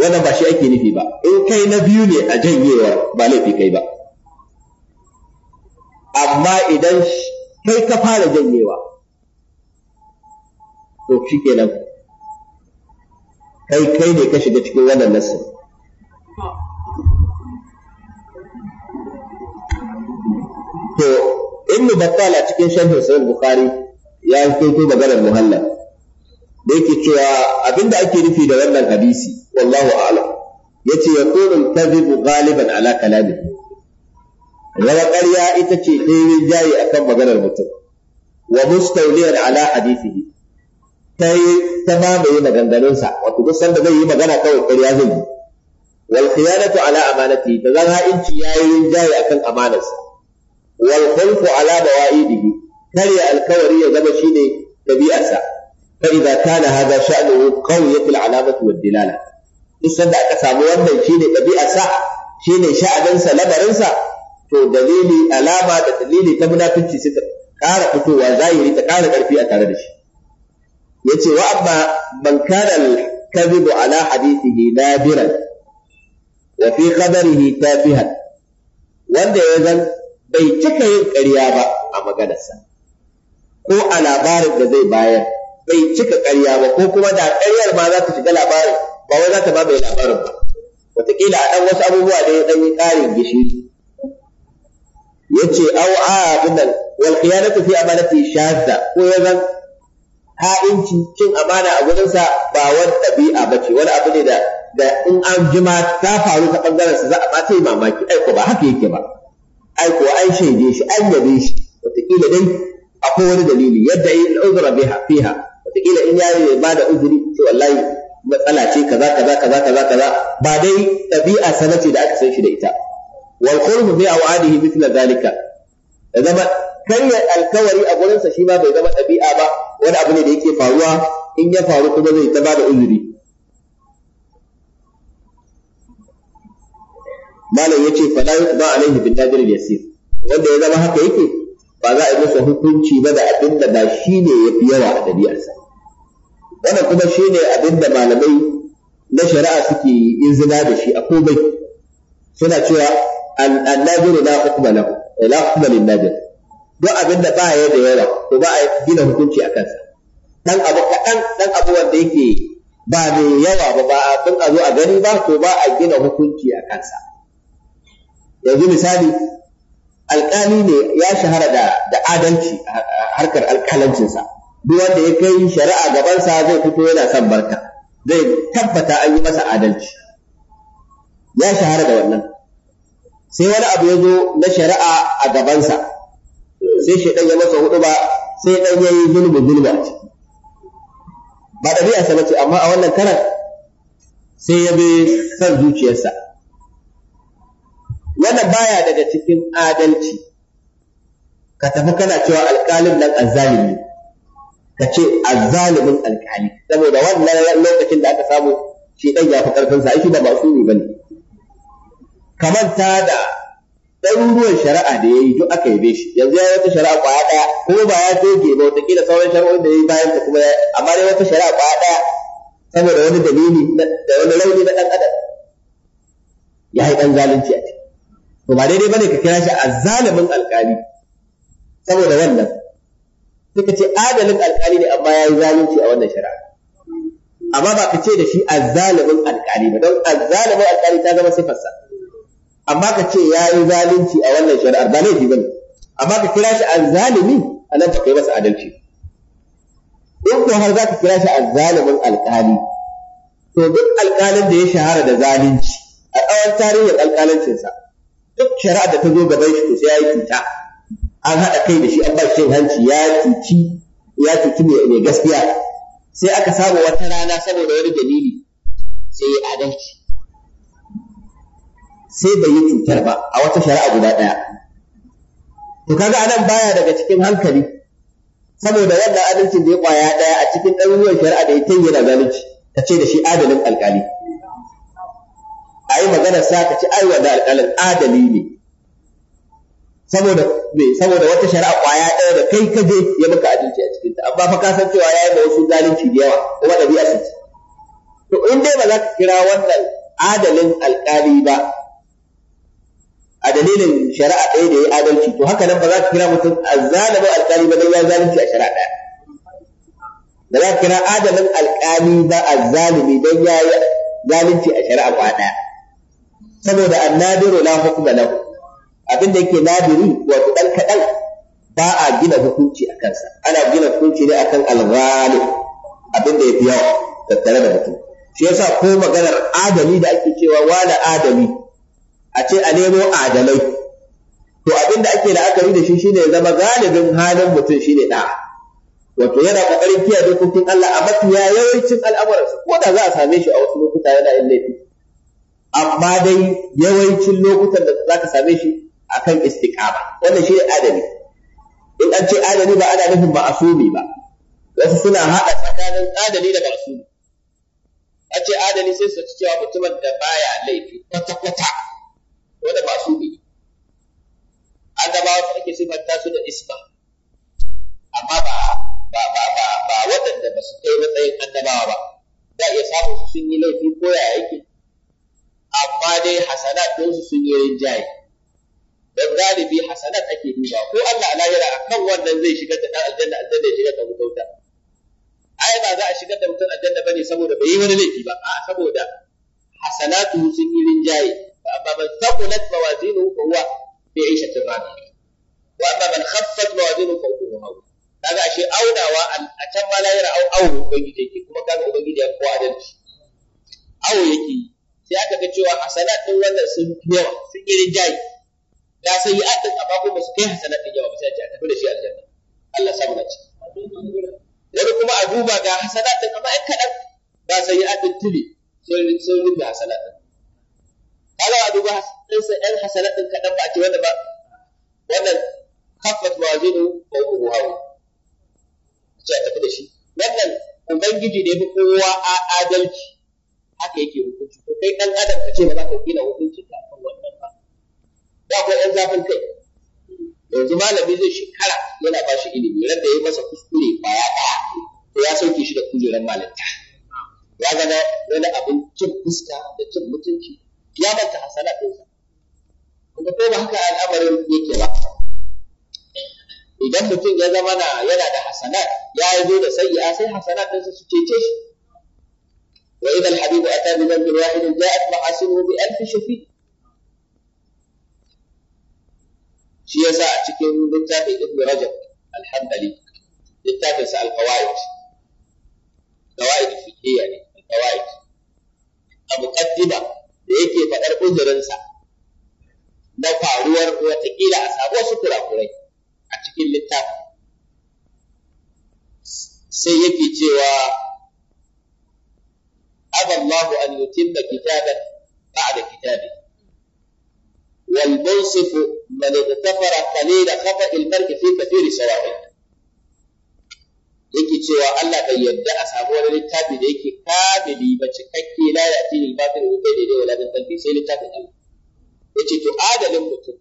wannan ba shi ake nufi ba in kai na biyu ne a janyewa ba laifi kai ba amma idan kai ka fara janyewa to shi kenan kai kai ne ka shiga cikin wannan nassin to ibnu battal a cikin sharhin sahih bukhari ya kaito maganar muhallal da yake cewa abinda ake nufi da wannan hadisi wallahu a'lam yace yaqulu kadhibu ghaliban ala kalamihi zama ƙarya ita ce ɗaya jayi kan maganar mutum wa mustawliyan ala hadithihi ta yi ta mamaye maganganunsa wato duk sanda zai yi magana kawai ƙarya zai yi wal khiyanatu ala amanati da zan ha'inci yayi a kan amanarsa wal khulfu ala bawa'idihi karya alkawari ya zama shine dabi'arsa fa idza kana hadha sha'nuhu qawiyatul alamatu wad dilala duk sanda aka samu wannan shi ne shine Shi ne sha'aninsa lamarinsa to dalili alama da dalili ta munafici suka ƙara fitowa zahiri ta ƙara ƙarfi a tare da shi yace wa amma man kana al ala hadithihi nadiran wa fi qadarihi tafihan wanda ya zan bai cika yin ƙarya ba a maganarsa ko a labarin da zai bayar bai cika ƙarya ba ko kuma da ƙaryar ma za ta shiga labarin ba wai za ta ba mai labarin ba wataƙila a ɗan wasu abubuwa da ya ɗan yi ƙarin gishiri yace au a dinnan wal khiyanatu fi amanati shadda ko yazan ha'inci cin amana a gurinsa ba wani ɗabi'a ba ce wani abu ne da da in an jima ta faru ta bangaren sa za a ba sai mamaki aiko ba haka yake ba aiko an shaide shi an yabe shi wataƙila dai akwai wani dalili yadda yi uzura biha fiha wataƙila in yayi ya ba da uzuri to wallahi matsala ce kaza kaza kaza kaza kaza ba dai ɗabi'a sanace da aka san shi da ita wal khulfu bi awadihi mithla zalika da zama karya alkawari a gurinsa shi ma bai zama ɗabi'a ba wani abu ne da yake faruwa in ya faru kuma zai ta bada uzuri malam yace fa la yuqda alaihi bin najr yasir wanda ya zama haka yake ba za a yi masa hukunci ba da abin da ba shi ne yawa a ɗabi'arsa wannan kuma shi ne abin malamai na shari'a suke izina da shi a komai suna cewa annabir la hukma eh, la hukma lin duk abin da ba ya da yawa ko ba a gina hukunci a kansa dan abu dan abu wanda yake ba mai yawa ba ba abin a zo a gani ba to ba a gina hukunci a kansa yanzu misali alƙali ne ya shahara da da adalci a harkar alƙalancinsa duk wanda ya kai shari'a gabansa zai fito yana son barka zai tabbata an yi masa adalci ya shahara da wannan sai wani abu ya zo na shari'a a gabansa sai shi ya masa hudu ba sai dan yi zulmi zulmi a ciki ba ɗabi'a sa sanace amma a wannan karar sai ya bi san zuciyarsa wannan baya daga cikin adalci ka tafi kana cewa alƙalin nan azzalimi ka ce azzalimin alƙali saboda wannan lokacin da aka samu shi ɗan ya fi ƙarfinsa ai shi ba ne ta da ɗaruruwan shari'a da ya yi duk aka bai shi yanzu ya yi wata shari'a kwaya ɗaya kuma ba ya doge ba wataƙila sauran shari'a da ya yi bayan ta kuma amma dai wata shari'a kwaya ɗaya saboda wani dalili da wani launi na ɗan adam ya yi ɗan zalunci a ciki to ba daidai bane ka kira shi zalumin alƙali saboda wannan suka ce adalin alƙali ne amma ya yi zalunci a wannan shari'a amma ba ka ce da shi a zalimin alƙali ba don a zalimin alƙali ta zama sifarsa amma ka ce ya yi zalunci a wannan shari'ar ba laifi ne amma ka kira shi azzalimi a nan ka kai masa adalci in ko har za ka kira shi azzalimin alƙali to duk alƙalin da ya shahara da zalunci a tsawon tarihin alƙalancinsa duk shari'ar da ta zo gaban shi to sai ya yi cuta an haɗa kai da shi an ba shi cin hanci ya cuci ya cuci mai gaskiya sai aka samu wata rana saboda wani dalili sai ya adalci sai bai yi cutar ba a wata shari'a guda ɗaya to kaga anan baya daga cikin hankali saboda wannan adalcin da ya kwaya ɗaya a cikin ɗaruruwan shari'a da ya tayyana zalunci ta ce da shi adalin alƙali a yi maganar sa ka ci ai wanda alƙalin adali ne saboda me saboda wata shari'a kwaya ɗaya da kai ka je ya maka adalci a cikinta amma fa ka san cewa ya yi ma wasu zalunci da yawa kuma ɗabi'a su to in dai ba za ka kira wannan adalin alƙali ba a dalilin shari'a ɗaya da ya adalci to haka nan ba za ka kira mutum a azzalimin alƙali ba dan ya zalunci a shari'a ɗaya Ba za ka kira adalin alƙali ba a azzalimi dan ya yi zalunci a shari'a ba ɗaya saboda annadiru la hukuma lahu abin da yake nadiri wato ɗan kaɗan ba a gina hukunci a kansa ana gina hukunci ne akan alghalib abin da ya fi yawa tattare da mutum shi yasa ko maganar adali da ake cewa wani adali a ce a nemo adalai to abin da ake la'akari da shi shine zama galibin halin mutum shine da wato yana kokarin kiyaye dokokin Allah a mafi yawancin al'amuransa ko da za a same shi a wasu lokuta yana yin laifi amma dai yawancin lokutan da za ka same shi akan istiqama wannan shine adali in an ce adali ba ana nufin ba asumi ba wasu suna haɗa tsakanin adali da masumi a ce adali sai su ci cewa mutumin da baya laifi kwata-kwata wanda ba su da annabawa su ake sifanta su da isma amma ba ba ba ba ba waɗanda ba su kai matsayin annabawa ba za iya samun su sun yi laifi ko ya yake amma dai hasanat su sun yi rinjaye Don galibi hasanat ake duba ko Allah lahira kan wannan zai shigar da ɗan aljanna aljanna ya shigar da mutauta ai ba za a shigar da mutum aljanna bane saboda bai yi wani laifi ba a'a saboda hasanatu sun yi rinjaye فأما من ثقلت موازينه فهو في عيشة راضية وأما من خفت موازينه فأمه هون kaga ashe aunawa a can ma la yara awu ubangiji yake kuma kaga ubangiji ya kowa adalci awo yake sai aka ga cewa hasanat wannan sun yawa sun yi rinjaye da sai yi adin amma kuma su kai hasanat din yawa ba sai a ce a aljanna Allah na ci wani kuma a duba ga hasanat din amma kaɗan ba yi malam a duba hasansa ɗan hasanat ɗin kaɗan ba a ce wanda ba wannan kafat mawazinu ko kuma hawa ce a tafi da shi wannan ubangiji ne kowa a adalci haka yake hukunci ko kai ɗan adam ka ce ba za ka gina hukunci ta kan wannan ba ba ko ɗan zafin kai yanzu malami zai shekara yana ba shi ilimi ran da ya masa kuskure kwaya ɗaya to ya sauke shi da kujerar malinta ya gana wani abin cin fuska da cin mutunci ya manta hasana ɗinsa wanda ko ba haka al'amarin yake ba idan mutum ya zama na yana da hasanat ya zo da sayyi'a sai hasanat ɗinsa su cece shi wa idan habibu ata bi dhanbin wahidin ja'at mahasinuhu bi alfi shafi shi yasa a cikin littafin ibnu rajab al-hanbali littafin sa al-qawaid qawaid fiqhiyya ne al-qawaid a muqaddima da yake faɗar uzurinsa na faruwar watakila a samu wasu kurakurai a cikin littafi sai yake cewa aballahu an yutimma kitaban ba'da kitabi wal munsifu man ightabara qalila khata al mar'i fi kathiri sawa'i cewa Allah bai yarda a samu wani littafi da yake kamili ba cikakke la ya ti ni batil wa bai daidai wala dan kalbi sai littafin Allah yace to adalin mutum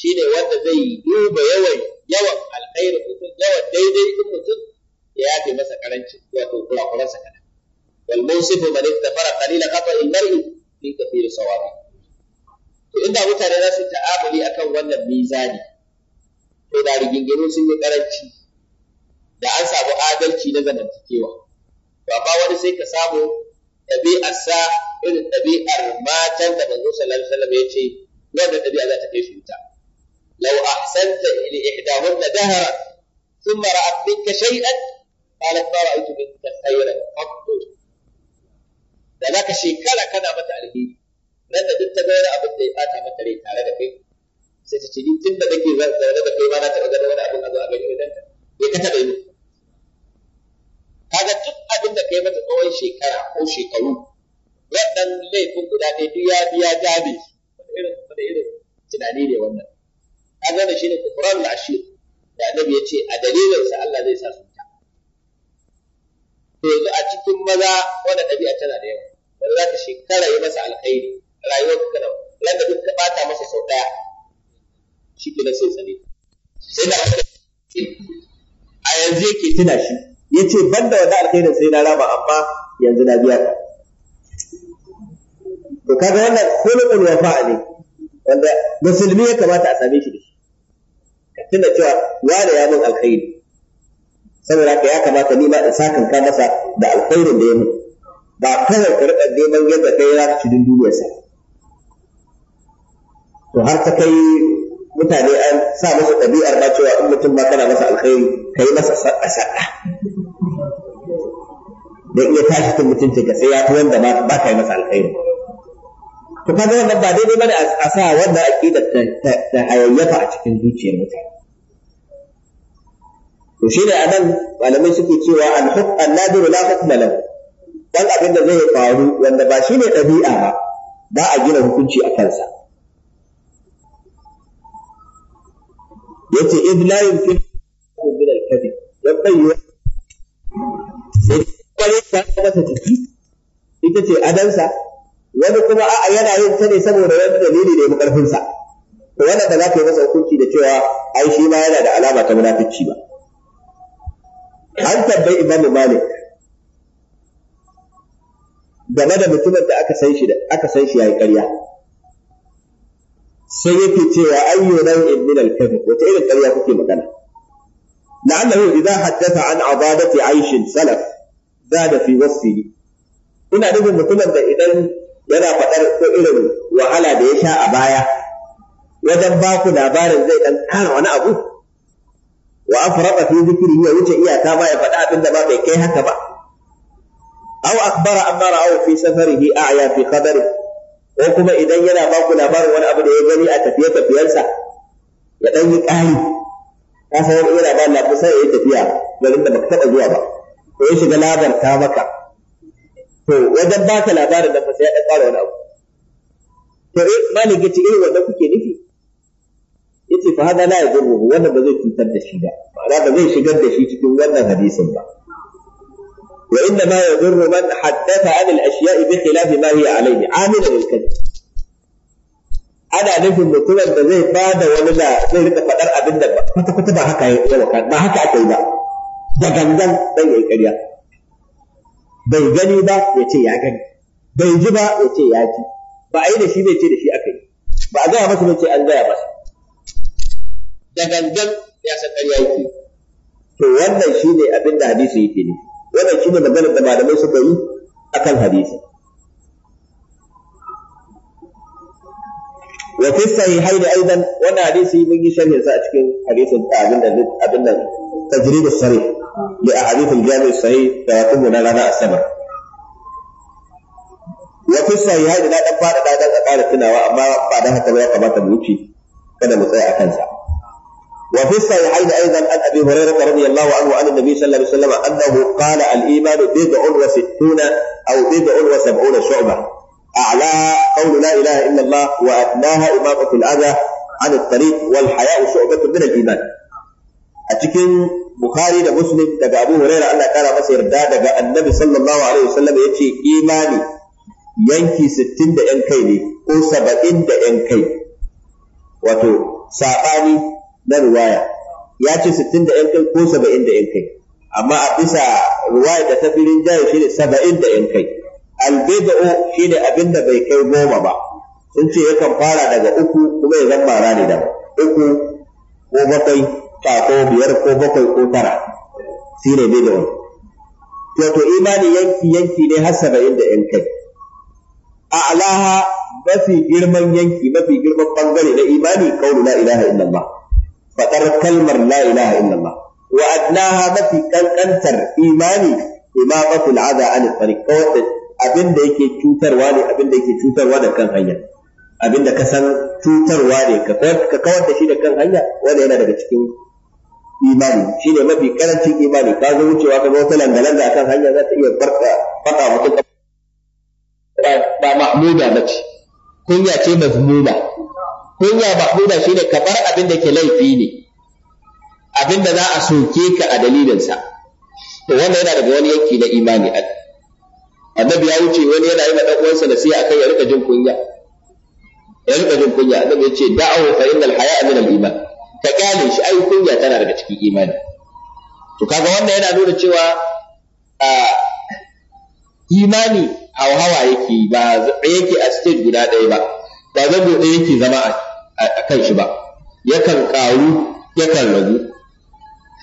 shine wanda zai duba yawan yawan alkhairi mutum yawan daidai din mutum ya fi masa karanci wato kula sa kana wal musifu man ittafara qalila qata al mar'i fi kathir sawabi to inda mutane za su ta'amuli akan wannan mizani to da rigingimu sun yi karanci da an samu adalci na zamantakewa to amma wani sai ka samu ɗabi'ar sa irin ɗabi'ar matan da manzo sallallahu alaihi wasallam ya ce wannan ɗabi'a za ta kai su wuta law ahsanta ila ihdahunna dahra thumma ra'at minka shay'an qalat ma ra'aytu minka khayran qattu da zaka shekara kana mata alheri nan da duk ta ga wani abin da ya bata mata rai tare da kai sai ta ce ni tun da nake zaune da kai ma na taɓa ganin wani abin a zo a gani idan ya ka taɓa yi laifin da kai mata tsawon shekara ko shekaru wannan laifin guda ɗaya duk ya biya jabe wani irin wani irin tunani ne wannan an gane shi ne kufran lashir da annabi ya ce a dalilinsa Allah zai sa su ta to a cikin maza wannan ɗabi'a tana da yawa wanda za ta shekara yi masa alkhairi rayuwar ka nan Wanda da duk ka bata masa sau ɗaya shi ke na sai tsare sai da a yanzu yake tuna shi yace banda wani alkhairin sai na raba amma yanzu na biya ka to kaga wannan khuluqul wafa ne wanda musulmi ya kamata a same shi da shi ka tuna cewa wada ya min alkhairi saboda haka ya kamata ni ma in sakan ka masa da alkhairin da ya ba kawai ka rika neman yadda kai ya ka ci to har ta kai mutane an sa masa ɗabi'ar ba cewa in mutum ma kana masa alkhairi ka yi masa saɗa saɗa da iya tashi tun mutuncin ka sai ya fi wanda ba ka yi masa alkhairi to kaga wannan ba daidai ne a sa wannan aqidar ta hayayyafa a cikin zuciyar mutane to shi shine anan malamai suke cewa al-hukm an-nadir la hukma lahu dan abin da zai faru wanda ba shi ne ɗabi'a ba ba a gina hukunci a kansa yace id la yumkin min al-kadhib dan bayyana sai kare ta ta tafi. ita ce adansa wani kuma a yana yin ta ne saboda wani dalili ne makarfin sa to wannan da za ka yi masa hukunci da cewa ai shi ma yana da alama ta munafici ba an tabbai imamu malik game da mutumin da aka san shi da aka san shi yayi ƙarya sai yake cewa ayyu nau'in min al-kadhib wata irin ƙarya kuke magana la'annahu idza haddatha an adadati aishin salaf zada fi wasfihi ina nufin mutumin da idan yana faɗar ko irin wahala da ya sha a baya wajen ba ku labarin zai ɗan ƙara wani abu wa afraqa fi dhikri ya wuce iyaka ba ya faɗa abin da ba bai kai haka ba aw akbara amma ra'aw fi safarihi a'ya fi khabarihi ko kuma idan yana ba ku labarin wani abu da ya gani a tafiye tafiyarsa ya dan yi ƙari ka san wani yana ba labarin sai ya yi tafiya garin da baka taɓa zuwa ba ko ya shiga labarta maka to wajen ba ka labarin da sai ya dan ƙara wani abu to eh maliki ce irin eh, wanda kuke nufi yace fa hada la yadurru wannan ba zai cutar da shi ba ba za ka zai shigar da shi cikin wannan hadisin ba وإنما يضر من حدث عن الأشياء بخلاف ما هي عليه عاملا الكذب ana nufin mutumin da zai ba da wani da zai rika faɗar abin da kwata ba haka ya waka ba haka aka ba bai gani ba ya ce ya gani bai ji ba ya ce ya ji ba a yi da shi bai ce da shi aka yi ba a gaya masa ba ce an gaya masa da gangan ya san ƙarya yake to wannan shine abin da hadisi yake nufi wannan ne maganar da malamai suka yi a kan hadisi wa fi sahihaini aidan wannan hadisi mun yi sharhin sa a cikin hadisin abin da abin da tajrid as-sarih li ahadith al-jami' as-sahih da ya kuma na rana asabar wa fi sahihaini na dan fara da dan ƙara tunawa amma ba da haka ba ya kamata mu wuce kada mu tsaya a kansa. وفي الصحيحين ايضا عن ابي هريره رضي الله عنه عن النبي صلى الله عليه وسلم انه قال الايمان بضع وستون او بضع وسبعون شعبه اعلاها قول لا اله الا الله وادناها امامه الاذى عن الطريق والحياء شعبه من الايمان. اتكن بخاري ده مسلم ده ابو هريره الله قال masa yarda daga annabi sallallahu alaihi wasallam yace imani yanki 60 da yan kai ne ko 70 da yan kai wato sabani na ruwaya ya ce 60 da 'yan kai ko 70 da 'yan kai amma a bisa ruwaya da ta birin jaya shi ne 70 da 'yan kai albedo shi ne abin da bai kai goma ba sun ce yakan fara daga uku kuma ya zama mara ne da uku ko bakwai ta ko biyar ko bakwai ko tara shi ne bedo to imani yanki yanki ne har 70 da 'yan kai a'laha mafi girman yanki mafi girman bangare na imani kaulu la ilaha illallah faɗar kalmar la ilaha illallah wa adnaha mafi kankantar imani imaqatul adha an tariq kawai abin da yake cutarwa ne abin da yake cutarwa da kan hanya abin da ka san cutarwa ne ka kawar da shi da kan hanya wanda yana daga cikin imani Shi ne mafi karancin imani ka zo wucewa ka zo ta langalanga akan hanya za ta iya barka faɗa mutum ba mahmuda ba ce kunya ce mazmuma kunya mahmuda shi ne bar abin da ke laifi ne abin da za a soke ka a dalilinsa to wanda yana daga wani yanki na imani annabi ya wuce wani yana yi dan uwansa nasiha akan ya rika jin kunya ya rika jin kunya annabi ya ce da'ahu fa innal haya'a min al-iman ka kyale shi ai kunya tana daga cikin imani to kaga wannan yana nuna cewa imani hawa yake ba yake a stage guda ɗaya ba ba zango ɗaya yake zama a a kan shi ba yakan ƙaru yakan ragu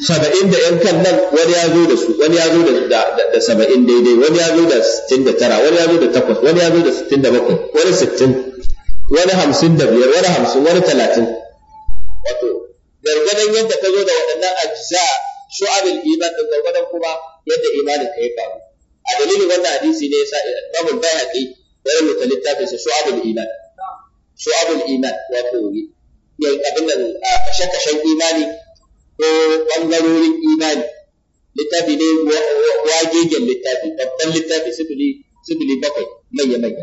saba'in da ‘yan kan nan wani ya zo da su wani ya zo da saba'in daidai wani ya zo da sittin da tara wani ya zo da takwas wani ya zo da sittin da bakwai wani sittin wani hamsin da biyar wani hamsin wani talatin wato gargadon yadda ka zo da waɗannan su abin iman da gargadon kuma yadda imanin ka ya faru a dalilin wannan hadisi ne ya sa imamul bayhaqi ya rubuta su abin iman شعب الإيمان وطوري يقبل شك شيء إيماني وانظروا الإيمان لتابلي واجيجا لتابلي فبطل لتابلي سبلي سبلي بطل مية مي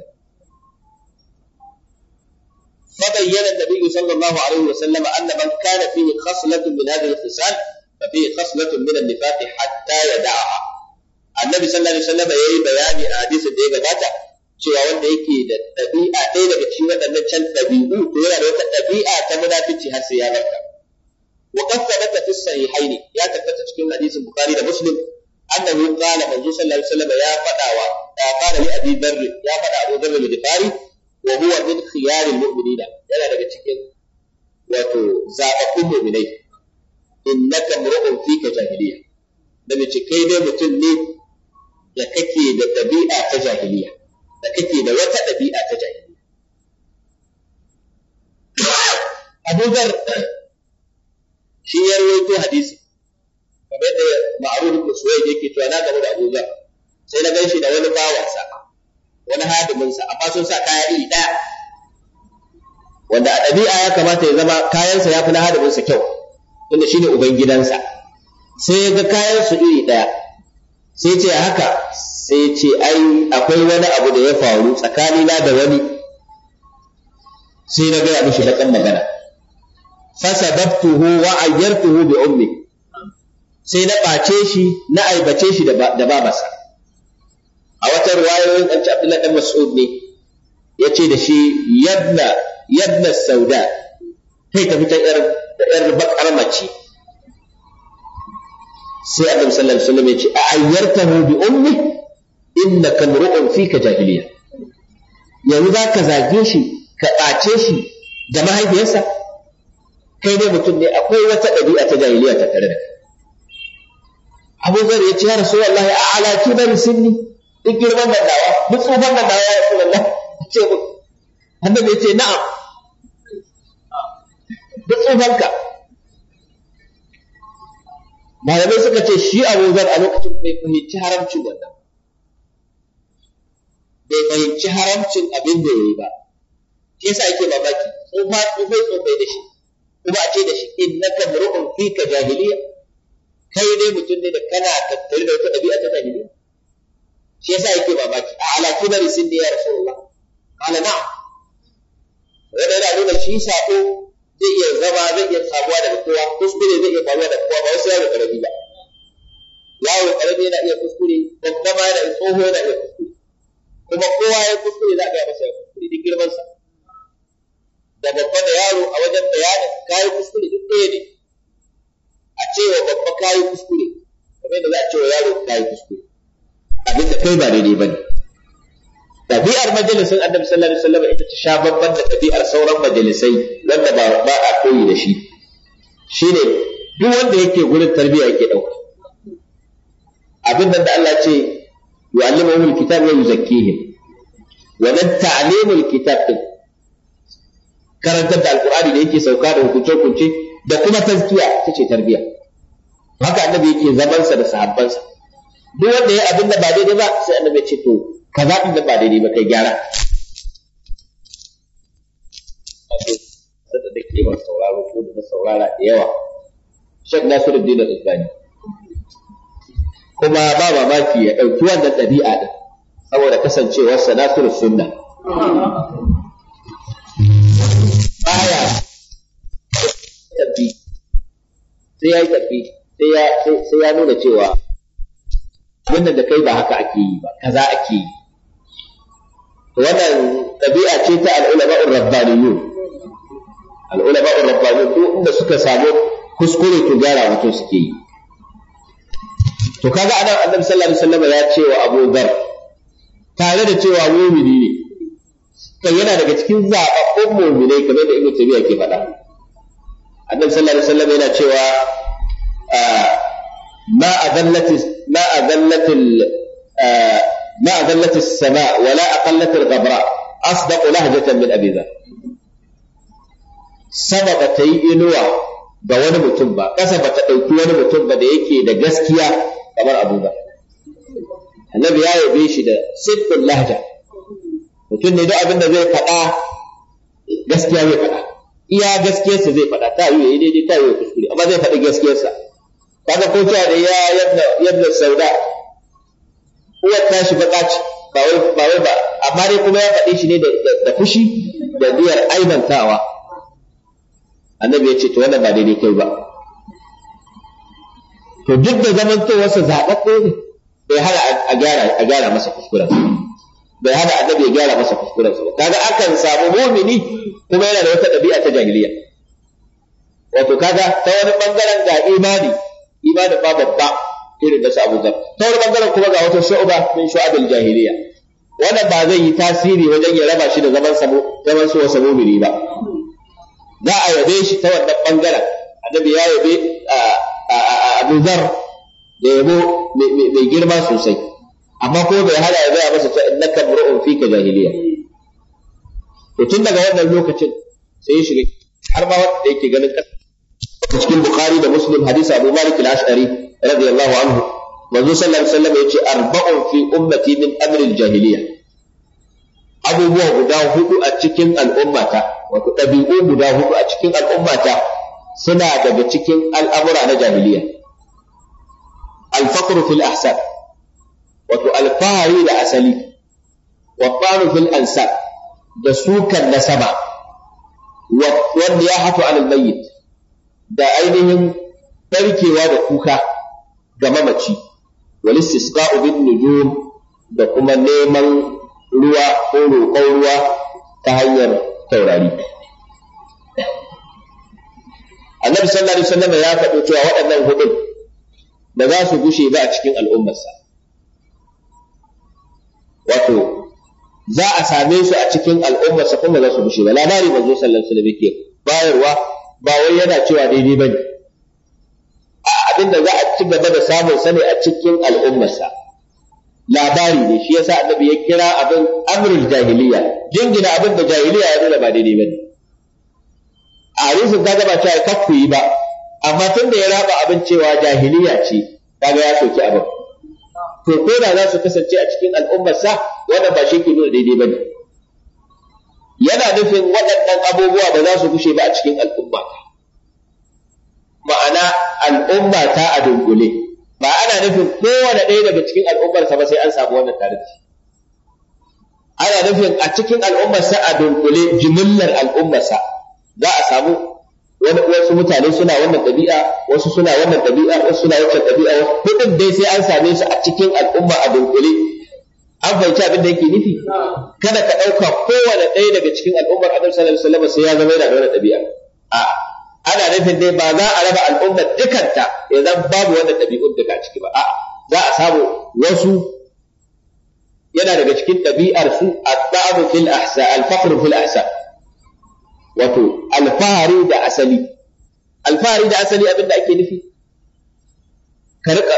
فبين النبي صلى الله عليه وسلم أن من كان فيه خصلة من هذه الخصال ففيه خصلة من النفاق حتى يدعها النبي صلى الله عليه وسلم يأي بيان حديث الديبة باتك cewa wanda yake da ɗabi'a ɗaya daga cikin waɗannan can ɗabi'u to yana da wata ɗabi'a ta munafici har sai ya barka wa qad thabata fi sahihaini ya tabbata cikin hadisin bukhari da muslim annahu qala manzo sallallahu alaihi wasallam ya faɗa wa ya fara li abi barr ya faɗa abu barr da bukhari wa huwa min khiyar mu'minina yana daga cikin wato zaɓaɓɓun mu'minai innaka mur'un ka jahiliya da mace kai dai mutum ne da kake da ɗabi'a ta jahiliya da kake da wata ɗabi'a ta jahiliya Abu Zar shi ya rawaito hadisi kamar da ma'aruf ibn Suwayd yake tuwa na gaba da Abu Zar sai na shi da wani bawansa wani hadiminsa amma sun sa kaya iri ɗaya wanda a ɗabi'a ya kamata ya zama kayansa ya fi na hadiminsa kyau tunda ne ubangidansa sai ya ga kayansu iri ɗaya sai ce haka sai ce ai akwai wani abu da ya faru tsakanina da wani sai na gaya mishi baƙan magana fasadabtuhu wa ayyartuhu bi ummi sai na ɓace shi na aibace shi da babasa a wata ruwayoyin ɗan Abdullahi ɗan Mas'ud ne ya ce da shi yadda yadda sauda kai ka fitar yar bakar mace sai annabi sallallahu alaihi wasallam ya ce ayyartahu bi ummi innaka mru'un fika jahiliya yanzu za ka zage shi ka ɓace shi da mahaifiyarsa kai ne mutum ne akwai wata ɗabi'a ta jahiliya ta tare da kai Abu Zar ya ce ya rasu wallahi a alaki bari sinni duk girman nan dawa duk tsufan nan dawa ya rasu wallahi ce mu annabi ya ce na'am duk tsufanka malamai suka ce shi Abu Zar a lokacin bai fahimci haramcin wannan bai fahimci haramcin abin da yayi ba ke sa yake mamaki tsufa tsufai bai da shi kuma a ce da shi innaka mur'un ka jahiliya kai dai mutum ne da kana tattare da wata ɗabi'a ta jahiliya shi yasa yake mamaki a ala kibari ne ya rasulullah kana na'am wanda yana nuna shi sako zai iya zama zai iya samuwa daga kowa kuskure zai iya faruwa daga kowa ba wasu yaro karami ba yaro karami yana iya kuskure babba ma yana tsoho yana iya kuskure kuma kowa ya kuskure za a gaya masa ya kuskure duk girman sa da babba da yaro a wajen bayanin kayi kuskure duk ɗaya ne a cewa babba kayi kuskure kamar yadda za a cewa yaro kayi kuskure abin da kai ba daidai ba ne ɗabi'ar majalisin annabi sallallahu alaihi wasallam ita ta sha babban da ɗabi'ar sauran majalisai wanda ba ba a koyi da shi shine duk wanda yake gurin tarbiyya yake ɗauka abin da Allah ce yu'allimuhum alkitab wa yuzakkihim wannan ta'limul kitab din karantar da alqur'ani da yake sauka da hukunce-hukunce da kuma tazkiya ita ce tarbiyya haka annabi yake zamansa da sahabbansa duk wanda ya abin da ba daidai ba sai annabi ya ce to ka zaɓi da ba daidai ba kai gyara da ke yawan sauraro ko da na saurara da yawa shek nasiru dinar isbani kuma ba mamaki ya ɗauki wannan ɗabi'a ɗin saboda kasancewarsa na nasiru sunna baya tafi sai ya tafi sai ya nuna cewa wannan da kai ba haka ake yi ba kaza ake yi wannan ɗabi'a ce ta al'ulama rabbaniyun al'ulama rabbaniyun duk inda suka samu kuskure to gyara wato suke yi to kaga anan annabi sallallahu alaihi wasallam ya ce wa Abu Dhar tare da cewa mu'mini ne kai yana daga cikin zababbun mu'minai kamar da Ibn Taymiyyah ke faɗa annabi sallallahu alaihi wasallam yana cewa ah, ma azallati ma adallat ah, ما a السماء ولا أقلت الغبراء أصدق لهجة من أبي ذر sama ba ta yi inuwa ga wani mutum ba ƙasa ba ta ɗauki wani mutum ba da yake da gaskiya kamar abu ba annabi ya yabe shi da siffin lahja mutum ne duk abin da zai faɗa gaskiya zai faɗa iya gaskiyarsa zai faɗa ta yi ta yi kuskure amma zai faɗi gaskiyarsa da uwar tashi baka ce ba wai ba wai ba amma dai kuma ya faɗi shi ne da fushi da biyar aibantawa annabi ya ce to wannan ba daidai kai ba to duk da zamantowarsa zaɓaɓɓe ne bai hada a gyara a gyara masa kuskuren bai hada annabi ya gyara masa kuskuren ba kaga akan samu mumini kuma yana da wata ɗabi'a ta jahiliya wato kaga ta wani bangaren ga imani imanin ba babba irin na Abu Dhar ta wani bangaren kuma ga wata shu'ba min shu'abil jahiliya wannan ba zai yi tasiri wajen ya raba shi da zaman sabo zaman so sabo biri ba za a yabe shi ta wannan bangaren annabi ya yabe Abu Dhar da yabo mai girma sosai amma ko bai hada ya gaya masa ta innaka mur'un fika jahiliya to tun daga wannan lokacin sai ya shiga har ma wanda yake ganin ta cikin bukhari da muslim hadisi abu malik al-ashari radiyallahu anhu manzo sallallahu alaihi wasallam yace arba'un fi ummati min amri al-jahiliya abubuwa guda hudu a cikin al'ummata wato ɗabi'u guda hudu a cikin al'ummata suna daga cikin al'amura na jahiliya al-faqru fil ahsab wato alfahari da asali wa fil ansab da sukan nasaba wanda ya hafu alal mayyit da ainihin barkewa da kuka ga mamaci wal istisqa'u nujum da kuma neman ruwa ko roƙon ruwa ta hanyar taurari annabi sallallahu alaihi wasallam ya faɗo cewa waɗannan hudun da za su gushe ba a cikin al'ummarsa wato za a same su a cikin al'ummarsa kuma za su gushe ba labari manzo sallallahu alaihi wasallam yake bayarwa ba wai yana cewa daidai ne. a abin da za a ci gaba da samun sani a cikin al'ummarsa labari ne shi yasa annabi ya kira abin amrul jahiliya dingina abin da jahiliya ya nuna ba daidai ba ne a rusun ta gaba cewa kar ku yi ba amma tun da ya raba abin cewa jahiliya ce kaga ya soki abin to ko da za su kasance a cikin al'ummarsa wannan ba shi ke nuna daidai ne. yana nufin waɗannan abubuwa ba za su gushe ba a cikin al'umma ma'ana al'umma ta a dunkule ba ana nufin kowane ɗaya daga cikin al'ummarsa ba sai an samu wannan tarihi ana nufin a cikin al'ummarsa a dunkule jimillar al'ummarsa za a samu wasu mutane suna wannan ɗabi'a wasu suna wannan ɗabi'a wasu suna wannan ɗabi'a kuɗin dai sai an same su a cikin al'umma a dunkule an fahimci abin da yake nufi kada ka ɗauka kowane ɗaya daga cikin al'ummar annabi sallallahu alaihi wasallam sai ya zama yana da wani ɗabi'a a ana nufin dai ba za a raba al'ummar dukanta ya zan babu wani ɗabi'un duka ciki ba a za a samu wasu yana daga cikin ɗabi'ar su at-ta'abu fil ahsa al-faqr fil ahsa wato alfahari da asali alfahari da asali abin da ake nufi ka rika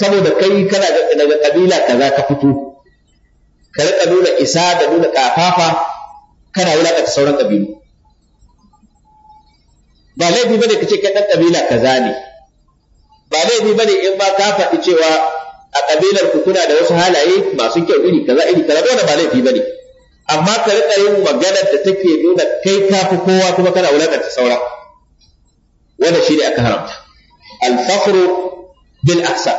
saboda kai kana daga kabila kaza ka fito ka riƙa nuna isa da nuna ƙafafa kana wulaƙanta sauran ƙabilu ba laifi ba ne ka ce kai ɗan ƙabila kaza ne ba laifi ba ne in ba ka faɗi cewa a ƙabilar ku kuna da wasu halaye masu kyau iri kaza iri kaza dole ba laifi ba ne. amma ka riƙa yin maganar da take nuna kai kafi kowa kuma kana wulaƙanta sauran shi ne aka haramta al bil ahsan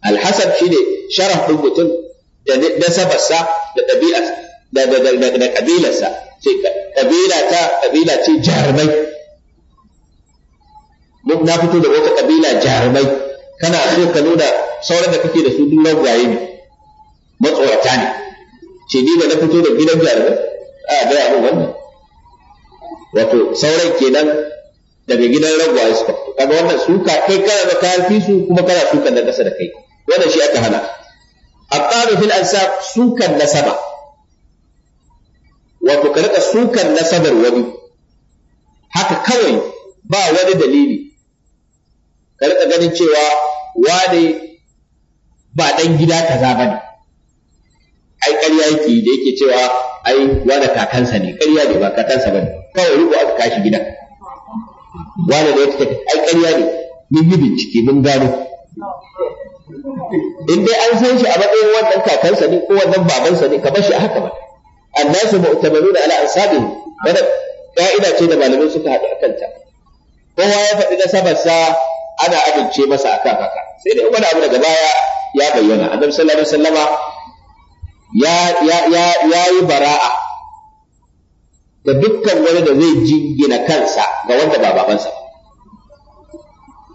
al shi ne sharaf din mutum da nasabarsa da ɗabi'arsa da da ƙabilarsa ce ƙabila ta ƙabila ce jarumai na fito da wata ƙabila jarumai kana so ka nuna sauran da kake da su duk ragwaye ne matsorata ne ce ni da na fito da gidan jarumai a da mun wannan wato sauran kenan daga gidan ragwaye su fito kaga wannan suka kai kana da kafi su kuma kana sukan da ƙasa da kai wannan shi aka hana aqalu fil ansab sukan nasaba wato ka rika sukan nasabar wani haka kawai ba wani dalili ka rika ganin cewa wane ba dan gida kaza bane ai ƙarya yake da yake cewa ai wane kakansa ne ƙarya ne ba kakansa bane kawai rubu a kashi gida. Wani da yake ai ƙarya ne mun yi bincike mun gano in dai an san shi a matsayin wannan kakansa ne ko wannan babansa ne ka bar shi a haka ba annasu da ala ansabin wannan ka'ida ce da malamai suka haɗu a kanta. kowa ya faɗi na sabarsa ana amince masa kan haka sai dai wani abu daga baya ya bayyana annabi sallallahu alaihi wasallama ya yi bara'a da dukkan wani da zai jingina kansa ga wanda ba babansa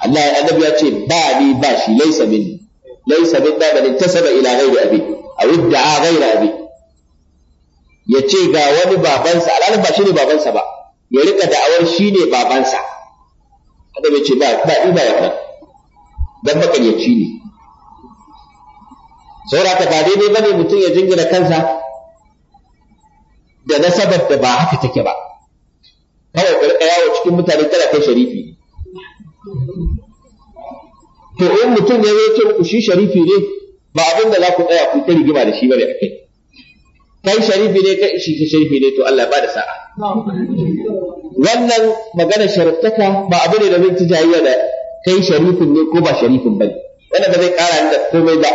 Allah ya annabi ya ce ba ni ba shi laisa minni laysa minna man intasaba ila ghairi abi aw idda'a ghairi abi ya ce ga wani babansa alhalin ba shine babansa ba ya rika da'awar shine babansa haka bai ce ba ba ina wannan dan makaryaci ne sauraka ba daidai bane mutum ya jingina kansa da nasabar da ba haka take ba kawai ka rika yawo cikin mutane kada kai sharifi to in mutum ya zai ce ku shi sharifi ne ba abin da za ku tsaya ku ta rigima da shi bane akai kai sharifi ne kai shi sharifi ne to Allah ba da sa'a wannan magana sharaftaka ba abu ne da zai ci jayayya da kai sharifin ne ko ba sharifin bane Wannan ba zai kara ni da komai ba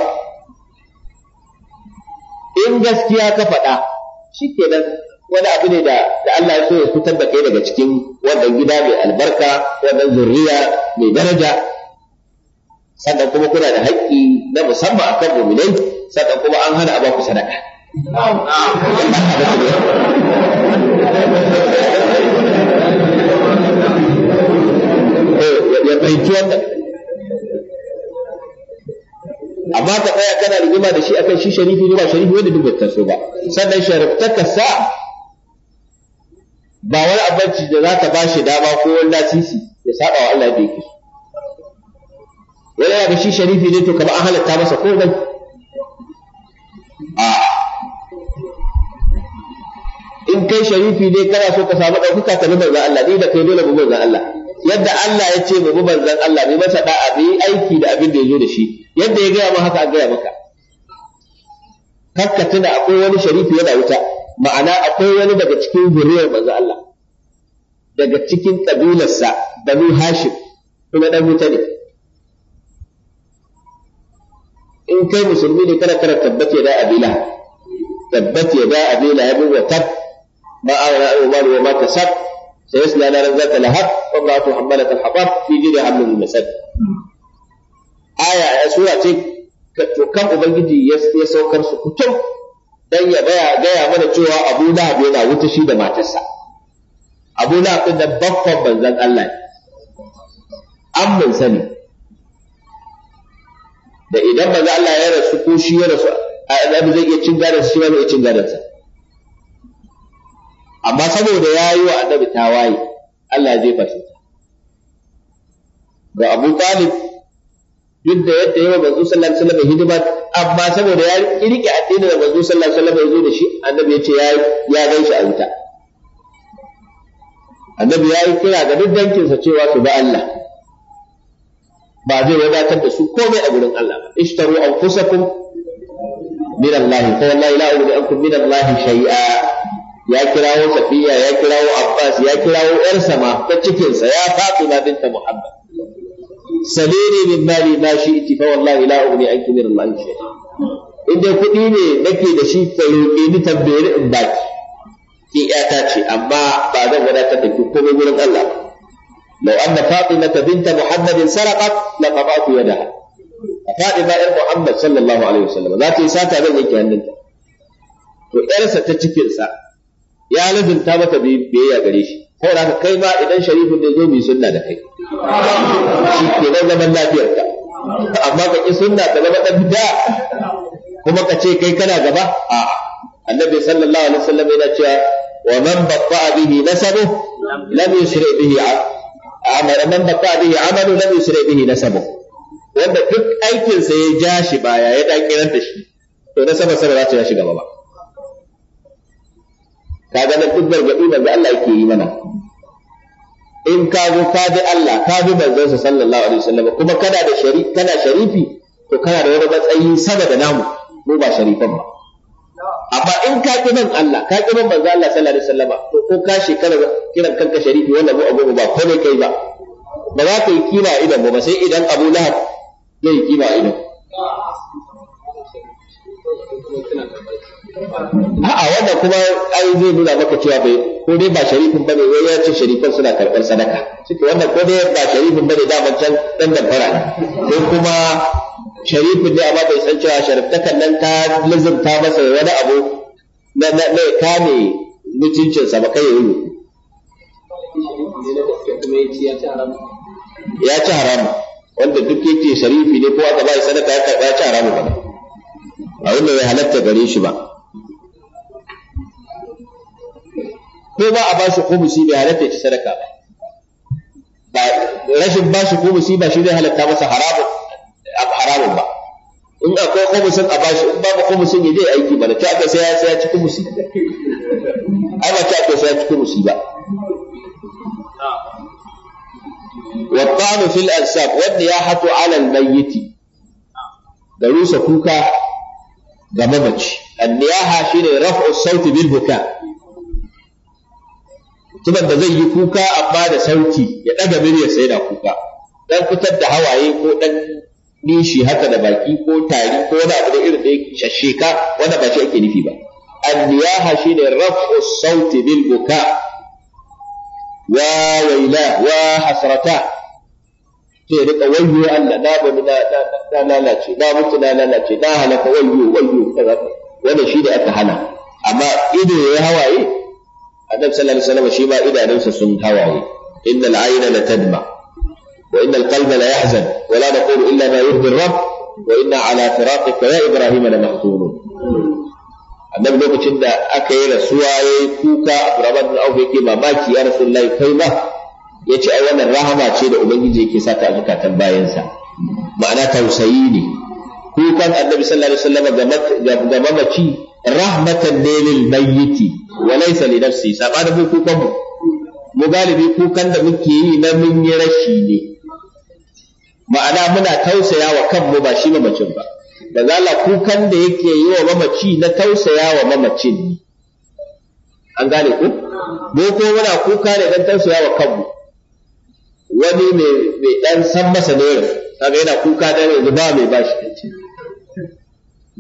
in gaskiya ka faɗa shikenan wani abu ne da da Allah ya so ya fitar da kai daga cikin wannan gida mai albarka wannan zuriya mai daraja sannan kuma kuna da haƙƙi na musamman akan mu'minai sannan kuma an hana a ba ku sadaka eh, ya ɗauki wannan amma ka tsaya kana rigima da shi akan shi sharifi ne ba sharifi wanda duk ta so ba sannan sharifta sa ba wani abinci da za ta ba shi dama ko wani lasisi ya saba wa Allah da yake wani ya shi sharifi ne to kamar an halatta masa komai a in kai sharifi ne kana so ka samu ɗaukuka ka bi manzon Allah ni da kai dole mu manzon Allah yadda Allah ya ce mu bi zan Allah bai masa da'a bai aiki da abin da ya zo da shi yadda ya gaya mu haka an gaya maka kakka tuna akwai wani sharifi yana wuta ma'ana akwai wani daga cikin zuriyar manzon Allah daga cikin kabilarsa banu hashim kuma dan wuta ne in kai musulmi ne kada kada ya da abila tabbace da abila ya wa tab ma awra umar wa ma kasab sayasla naran zata lahab wa ma'atu hamalat al-hatab fi jidha hablum masad aya ya sura ce to kan ubangiji ya saukar su kutum dan ya baya gaya mana cewa Abu abu yana wuta shi da matarsa Abu Lahab da baffan banzan Allah ne an mun sani da idan za Allah ya rasu ko shi ya rasu annabi zai iya cin gadon shi ba bai cin gadon sa amma saboda ya yi wa annabi tawaye Allah ya jefa shi ga Abu Talib duk da yadda yawa Banzu sallallahu alaihi wasallam hidima amma saboda ya rike addini da banzu sallallahu alaihi wasallam ya zo da shi annabi ya ce ya ya gan shi a wuta annabi ya yi kira ga duk dankinsa cewa su ba Allah ba zai wadatar da su komai a gurin Allah ba ishtaru anfusakum min Allah fa wallahi la ugni ankum min Allah shay'a ya kirawo Safiya ya kirawo Abbas ya kirawo ƴarsa ma ta cikin sa ya Fatima binta Muhammad salini min mali ma shi'ti fa wallahi la ugni ankum min Allah shay'a inda kuɗi ne nake da shi ta roƙe ni tambaye in baki ki ƴata ce amma ba zan wadatar da ki komai gurin Allah ba لو أن فاطمة بنت محمد سرقت لقطعت يدها فاطمة إر محمد صلى الله عليه وسلم ذات ساتا بين جهنم to ƴarsa ta cikinsa ya lazumta mata biyayya gare shi ko da ka kai ma idan sharifin da zo bi sunna da kai shi ke nan zaman lafiyarka amma ka ki sunna ta zama ɗan bida kuma ka ce kai kana gaba a annabi sallallahu alaihi wasallam yana cewa wa man baqa bihi amalu lam yusri bihi sabo. wanda duk aikin sa ya ja shi baya ya dakirar da shi to na sabo sabo za ta ya shiga ba Ka ga duk gargadi da Allah yake yi mana in ka zo ka bi Allah ka bi manzon sa sallallahu alaihi wasallam kuma kana da shari kana sharifi to kana da wani matsayi sabo da namu mu ba sharifan ba amma in ka ki nan Allah ka ki nan manzo Allah sallallahu alaihi wasallam to ko ka shekara kiran kanka sharifi wannan mu abu ba ko ne kai ba ba za ka yi kima idan ba sai idan Abu Lahab zai yi kima idan a'a wannan kuma ai zai nuna maka cewa bai ko dai ba sharifin bane wai ya ce sharifin suna karɓar sadaka cikin wannan ko dai ba sharifin bane da can dan damfara ne ko kuma sharifu ne amma bai san cewa shariftakan nan ta lizurta masa wani abu na na kame mutuncinsa ba kai yayi ya ci haramu wanda duk yake sharifi ne ko aka bai sanata ya karɓa ya ci haramu ba a wanda bai halatta gare shi ba ko ba a bashi kumusi bai halatta ci sadaka ba rashin bashi kumusi ba shi zai halatta masa haramun abu haramun ba in akwai khumusin a bashi in babu khumusin ya je aiki ba da ta aka sai ya sai ya ci khumusi ai ba ta aka sai ya ci khumusi ba wa tanu fil ansab wanda ya hatu ala al mayyiti da rusa kuka ga mamaci anniyaha shine raf'u sauti bil buka mutumin da zai yi kuka amma da sauti ya daga murya sai da kuka dan fitar da hawaye ko dan nishi haka da baki ko tari ko wani abu da irin da yake shasheka wanda ba shi ake nufi ba anniyaha shine raf'u sauti bil buka wa waila wa hasrata ya rika wayyo Allah na ba na na lalace na mutu na lalace na halaka wayyo wayyo kaza wannan shi da aka hana amma ido ya hawaye annabi sallallahu alaihi wasallam shi ba idanunsa sun hawaye innal ayna la tadma وإن القلب لا يحزن ولا نقول إلا ما يرضي الرب وإنا على فراقك يا إبراهيم لمحزونون annabi lokacin da aka yi rasuwa ya yi kuka abdurrahman bin auf yake mamaki ya rasulullahi kai ba ya ce ai wannan rahama ce da ubangiji yake sa ta zukatan bayansa ma'ana tausayi ne kukan annabi sallallahu alaihi wasallam ga mamaci rahmatan ne lil mayyiti wa laysa li nafsi sabanin kukan mu mu galibi kukan da muke yi na mun yi rashi ne ma'ana muna tausaya wa kanmu ba shi mamacin ba da zala kukan da yake yi wa mamaci na tausaya wa mamacin ne an gane ku mu ko muna kuka ne dan tausaya wa kanmu wani mai mai dan san masa ne kaga yana kuka da ne ba mai bashi kace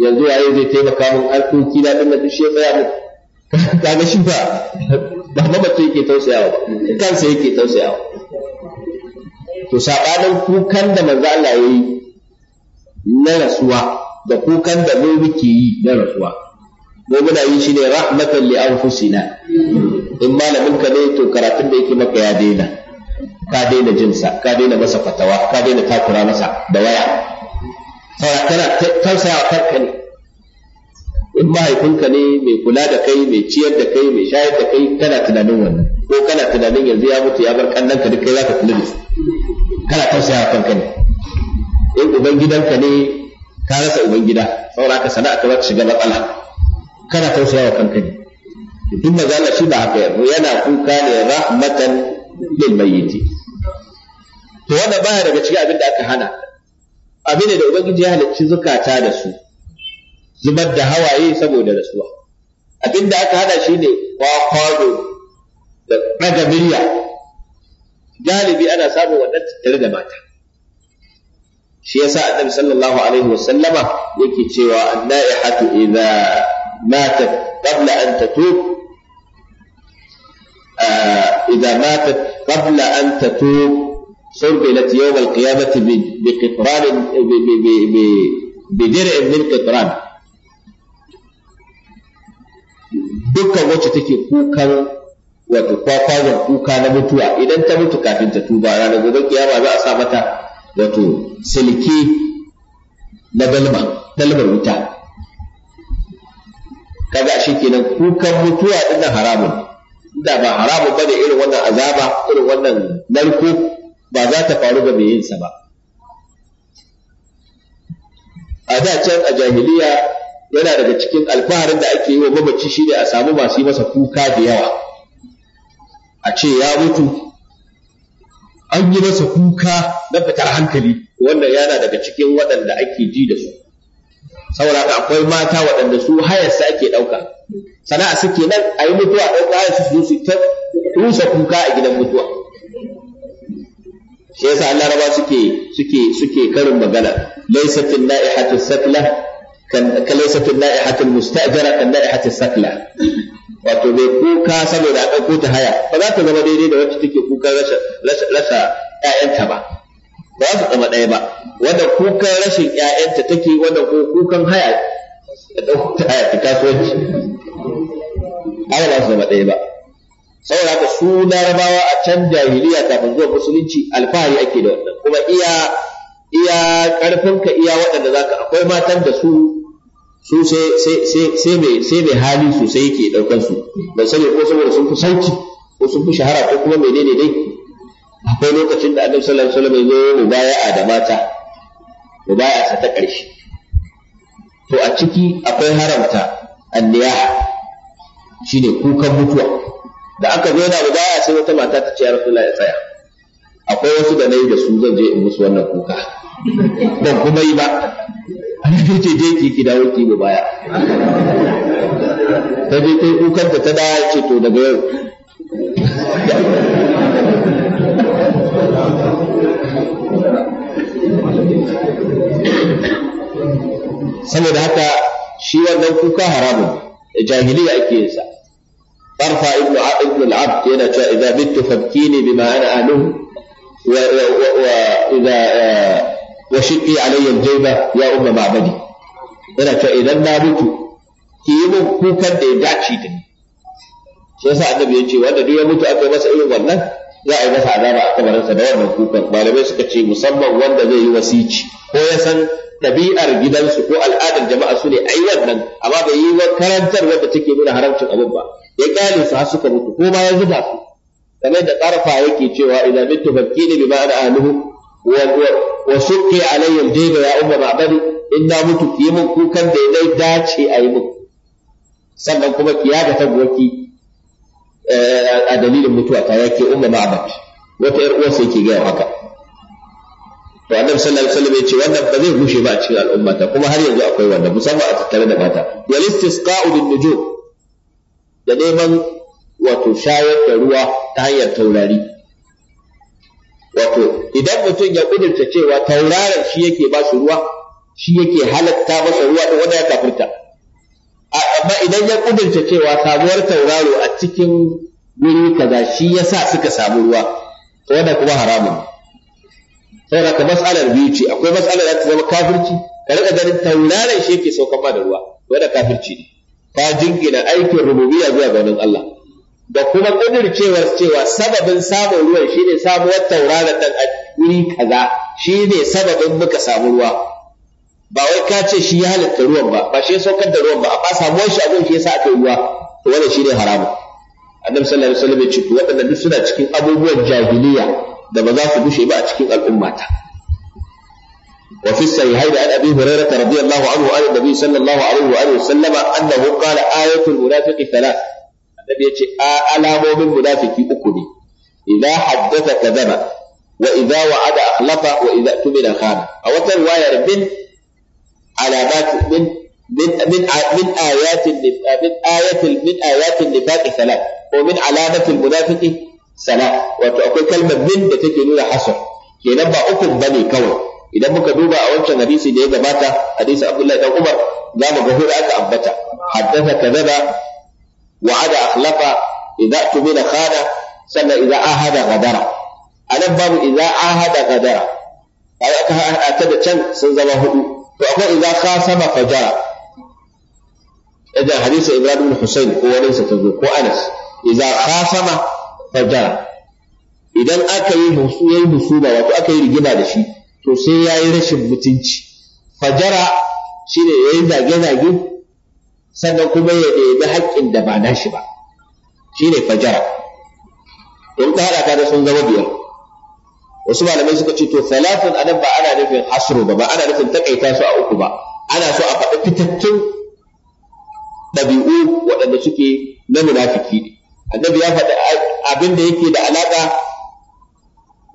yanzu yayi zai taimaka mun harkoki na dan da shi ya mu (laughs) kaga shi ba ba mamaci yake tausayawa kansa yake tausayawa to saɓanin kukan da manzo Allah ya yi na rasuwa da kukan da mu muke yi na rasuwa mu muna yi shi ne rahmatan li anfusina in malamin ka ne to karatun da yake maka ya daina ka daina jinsa ka daina masa fatawa ka daina takura masa da waya kana tausaya kanka ne in mahaifinka ne mai kula da kai mai ciyar da kai mai shayar da kai kana tunanin wannan ko kana tunanin yanzu ya mutu ya bar kannanka duk kai zaka kula da su kana tausaya kanka ne in ubangidanka ne ka rasa ubangida saboda ka sana'a ka zaka shiga matsala kana tausaya wa kanka ne duk maza Allah shi ba haka yabo yana kuka ne rahmatan lil mayyiti to wanda baya daga cikin abin da aka hana abin da ubangiji ya halicci zukata da su zubar da hawaye saboda rasuwa abin da aka hana shine kwakwado da ɗaga miliya galibi ana samun wannan tattare da mata shi yasa annabi sallallahu alaihi wasallama yake cewa an-na'ihatu idza matat qabla an tatub ah, idza matat qabla an tatub surbilat yawm al-qiyamati bi qitran bi bi dir'in min qitran dukkan wacce take kukan wato kwakwazon kuka na mutuwa idan ta mutu kafin ta tuba rana gobe kiyama za a sa mata wato silke na dalma dalmar wuta kaga shi kenan kukan mutuwa din haramun da ba haramun bane irin wannan azaba irin wannan narko ba za ta faru ga mai sa ba a da can a jahiliya yana daga cikin alfaharin da ake yi wa mamaci shine a samu masu yi masa kuka da yawa a ce ya mutu an yi masa kuka na fitar hankali wanda yana daga cikin waɗanda ake ji da su saboda haka akwai mata waɗanda su hayarsa ake ɗauka sana'a suke nan a yi mutuwa ɗauka hayar su su ta rusa kuka a gidan mutuwa shi yasa Allah raba suke karin magana laisafin na'ihatu na'ihati kalaisa fil la'ihatul mustajara kan la'ihatul sakla wato bai kuka saboda a ɗauko ta haya ba za ta zama daidai da wacce take kuka rasa 'ya'yanta ba ba za su zama ɗaya ba wanda kukan rashin 'ya'yanta take wanda ko kukan haya da ɗauko ta haya ta kasuwanci ai ba su zama ɗaya ba saboda haka su larabawa a can jahiliya kafin zuwa musulunci alfahari ake da wannan kuma iya iya ƙarfinka iya waɗanda zaka akwai matan da su su sai mai hali sosai yake ɗaukar su ban sani ko saboda sun fi sauki ko sun fi shahara ko kuma mai daidai dai akwai lokacin da annabi sallallahu alaihi wasallam ya zo a da mata baya sa ta ƙarshe to a ciki akwai haramta anniyaha shine kukan mutuwa da aka zo da baya sai wata mata ta ce ya rasulullahi ya tsaya akwai wasu da nayi da su zan je in musu wannan kuka ban kuma yi ba annabi ce je ki ki dawo ki baya ta je kai kukan ta ta dawo ce to daga yau saboda haka shi wannan kuka haramun da jahiliya ake yin sa farfa ibnu ibnu al-abd yana cewa idza bittu fabkini bima ana aluhu wa idza eh, wa shiqqi alayya al-jayba ya umma ma'badi yana ta idan na mutu ki yi min kukan da ya dace da ni annabi ya ce wanda duk ya mutu akwai masa irin wannan za a yi masa azaba a kabarinsa da wannan kukan malamai suka ce musamman wanda zai yi wasici ko ya san ɗabi'ar gidansu ko al'adar jama'a su ne ai wannan amma bai yi wa karantar wanda take nuna haramcin abin ba ya kyale su har suka mutu ko ma ya zuba su kamar da ƙarfa yake cewa idan mitu fakki ne bi ma'ana alahu. wa suke alayyar jaiba ya umma ma'abari in na mutu ki min kukan da ya dace a yi min sannan kuma ki yaga ta goki eh, a dalilin mutuwa ta yake umma ma'abar wata yar uwarsa yake gaya haka to annabi sallallahu ya ce wannan ba zai gushe ba a cikin al'ummata kuma har yanzu akwai wanda musamman a tattare da mata wal istisqa'u bin nujum da neman wato shayar da ruwa ta hanyar taurari wato idan mutum ya kudurta cewa tauraron shi yake ba su ruwa shi yake halatta masa ruwa da wanda ya kafirta amma idan ya kudurta cewa samuwar tauraro a cikin guri kaza shi ya sa suka samu ruwa to wannan kuma haramun saboda ka mas'alar biyu ce akwai mas'alar da ta zama kafirci ka rika ganin tauraron shi yake saukan ba da ruwa wanda kafirci ne ka jingina aikin rububiyya zuwa ganin Allah da kuma kudircewar cewa sababin samun ruwan shine samuwar tauraron dan a wuri kaza shine sababin muka samu ruwa ba wai ka ce shi ya halitta ruwan ba ba shi ya saukar da ruwan ba amma samuwar shi abin shi sa aka yi ruwa to wannan shine haramu annabi sallallahu alaihi wasallam ya ce waɗannan duk suna cikin abubuwan jahiliya da ba za su bushe ba a cikin al'ummata وفي الصحيحين عن ابي هريره رضي الله عنه عن النبي صلى الله عليه واله وسلم انه قال ايه المنافق ثلاث Nabi ya ce, A alamomin munafiki uku ne, idan haddata ka wa idza wa'ada wa idza tumina khana a wata riwayar min alamat min min min min ayatin min ayatin wato akwai kalmar min da take nuna hasar kenan ba uku ne kawai idan muka duba a wancan hadisi da ya gabata hadisi abdullahi dan umar za mu ga aka ambata haddatha kadaba wa'ada akhlafa idza tumina khana sannan idza ahada gadara anan babu idza ahada gadara ai aka hada ta da can sun zama hudu to akwai idza khasama fajara idan hadisi ibrahim ibn husayn ko wani sa tazo ko anas idza khasama fajara idan aka yi musu yayi husuma wato aka yi rigima da shi to sai yayi rashin mutunci fajara shine yayi zage zage sannan kuma ya ɗebi haƙƙin da ba nashi ba shine fajara in ka haɗa da sun zama biyar wasu malamai suka ce to salatun anan ba ana nufin hasro ba ba ana nufin takaita su a uku ba ana so a faɗi fitattun ɗabi'u waɗanda suke na munafiki ne annabi ya faɗi abin da yake da alaƙa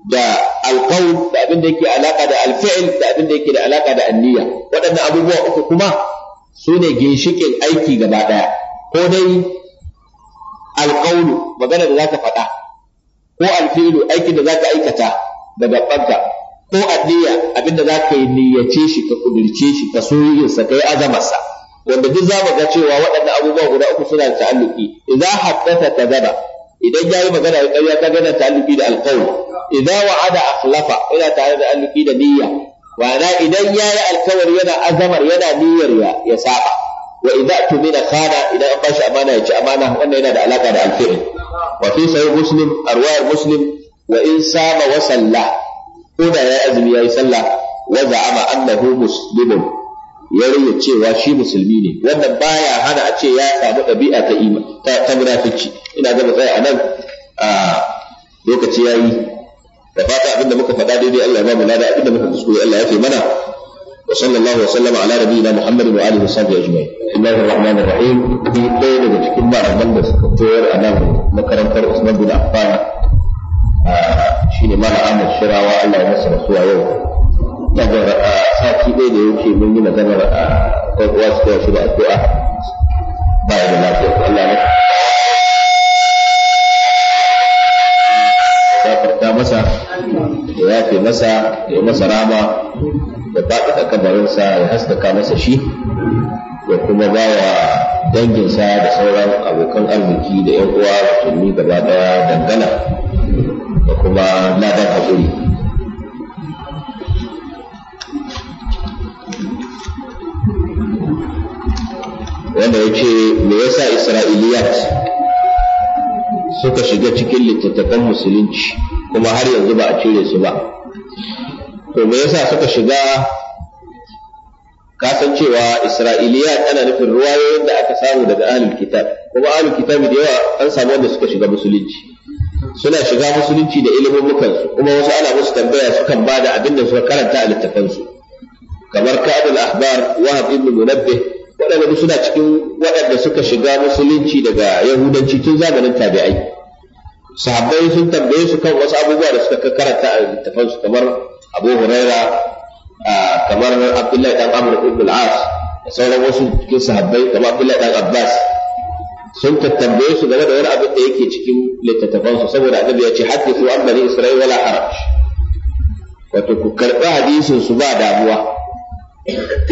da alƙawun, da abin da yake alaƙa da alfi'il da abin da yake da alaƙa da anniya waɗannan abubuwa uku kuma su ne ginshikin aiki gaba ɗaya ko dai alƙaunu magana da za ka faɗa ko alfilu aikin da za ka aikata da gabanka ko addiya abinda za ka yi niyyace shi ka kudirce shi ka so yin sa kai azamarsa wanda duk za mu ga cewa waɗannan abubuwa guda uku suna da ta'alluki idan ta kadaba idan yi magana da ƙarya ka gana ta'alluki da alqawl idan wa'ada akhlafa yana tare da ta'alluki da niyya wana idan ya yi alkawari yana azamar yana niyyar ya ya saba wa idza tumina khana idan an bashi amana ya ci amana wannan yana da alaka da alfi'il wa fi sahih muslim arwayar muslim wa in sama wa salla ko da ya azumi ya yi sallah wa za'ama annahu muslimun ya cewa shi musulmi ne wannan baya hana a ce ya samu ɗabi'a ta ta munafici ina ga tsaya a nan a lokaci yayi da fata abinda muka faɗa daidai Allah ya ba mu lada abinda muka kuskure Allah ya fi mana wa sallallahu wa sallama ala nabiyina Muhammad wa alihi wa sahbihi ajma'in Allahu rahmanir rahim ɗaya daga cikin malaman da suka koyar a nan makarantar Usman bin Affan shine mara Ahmad Shirawa Allah ya masa rasuwa yau daga sati ɗaya da yake mun yi maganar a kai uwa shi da addu'a yafe masa ya masa rama ya da kabarinsa ya haskaka masa shi ya kuma ba wa danginsa da sauran abokan arziki da yan uwa musulmi gaba daya dangana da kuma ladan haƙuri wanda ya ce me yasa isra'iliyat suka shiga cikin littattafan musulunci kuma har yanzu ba a cire su ba to me yasa suka shiga kasancewa isra'iliya tana nufin ruwayoyin da aka samu daga ahlul kitab kuma ahlul kitab da yawa an samu wanda suka shiga musulunci suna shiga musulunci da ilimin su kuma wasu ana musu tambaya sukan ba da abin da suka karanta a su kamar kabul ahbar wahab ibn munabbih waɗanda suna cikin waɗanda suka shiga musulunci daga yahudanci tun zamanin tabi'ai sahabbai sun tambaye su kan wasu abubuwa da suka karanta a littafan su kamar Abu Huraira kamar Abdullahi dan Amr ibn al-As da sauran wasu cikin sahabbai kamar Abdullahi dan Abbas sun tattambaye su game da wani abin da yake cikin littattafan su saboda annabi ya ce hadithu an bani Isra'ila wala haraj wato ku karɓi hadisin su ba damuwa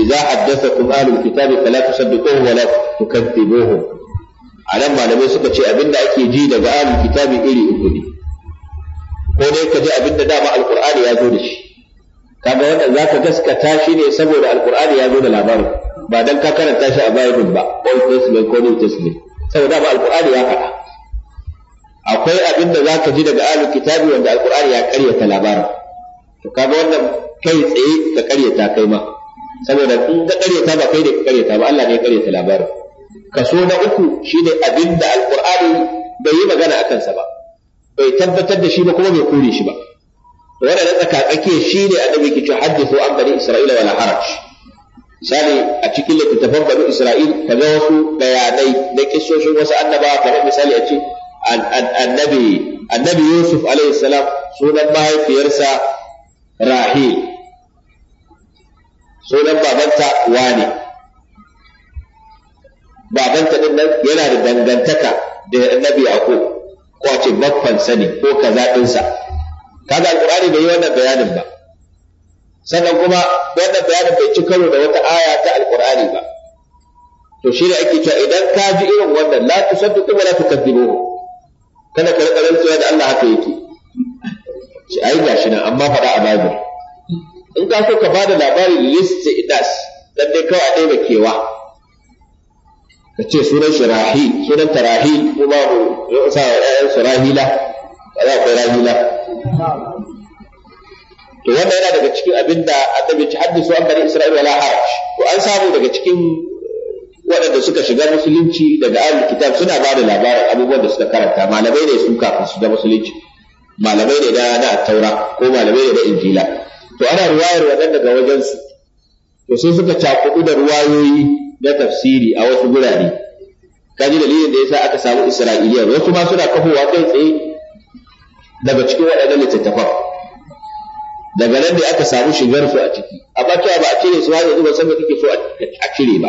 idza haddathakum ahlul kitabi fala tusaddiquhu wala tukaththibuhu a nan malamai suka ce abinda ake ji daga ahlul kitabi iri uku ne ko dai ka ji abinda dama alqur'ani ya zo da shi kaga wannan zaka gaskata shi ne saboda alqur'ani ya zo da labarin ba dan ka karanta shi a bible ba old testament ko new testament saboda dama alqur'ani ya faɗa akwai abinda zaka ji daga ahlul kitabi wanda alqur'ani ya karyata labarin to kaga wannan kai tsaye ka karyata kai ma saboda in ka karyata ba kai ne ka karyata ba Allah ne ya karyata labarin kaso na uku shine abin da alqur'ani bai yi magana a kansa ba bai tabbatar da shi ba kuma bai kore shi ba wanda na tsaka shi ne annabi yake cewa hadithu an bari isra'ila wala haraj misali a cikin littattafan bani isra'il kaga wasu bayanai na kisoshin wasu annabawa kamar misali a ce annabi annabi yusuf alaihi salam sunan mahaifiyarsa rahil sunan babanta wane babanta din nan yana da dangantaka da annabi yaqub ko ce babban sani ko kaza dinsa kaga alqur'ani bai yi wannan bayanin ba sannan kuma wannan bayanin bai ci karo da wata aya ta alqur'ani ba to shi ne ake cewa idan ka ji irin wannan la tusaddiqu wa la tukadibuhu kada ka rika rantsuwa da Allah haka yake shi ai gashi nan amma faɗa a babu. in ka so ka bada labarin list idas dan dai kawai a ɗaya kewa ka ce sunan shirahi sunan tarahi ko babu ya sa wa ƴaƴan su rahila ba za ku rahila to wannan yana daga cikin abin da annabi ci haddisu an bari isra'ila la haraj to an samu daga cikin waɗanda suka shiga musulunci daga ayyukan kitab suna ba da labarin abubuwan da suka karanta malamai ne su kafin su ga musulunci malamai ne na na taura ko malamai ne na injila to ana ruwayar waɗanda ga wajensu to sai suka cakuɗu da ruwayoyi na tafsiri a wasu ka ji dalilin da ya sa aka samu isra'iliya wasu ma suna kafowa kai tsaye daga cikin waɗannan littattafan daga nan da aka samu shigar su a ciki amma cewa ba a cire su har yanzu ba san da kake so a cire ba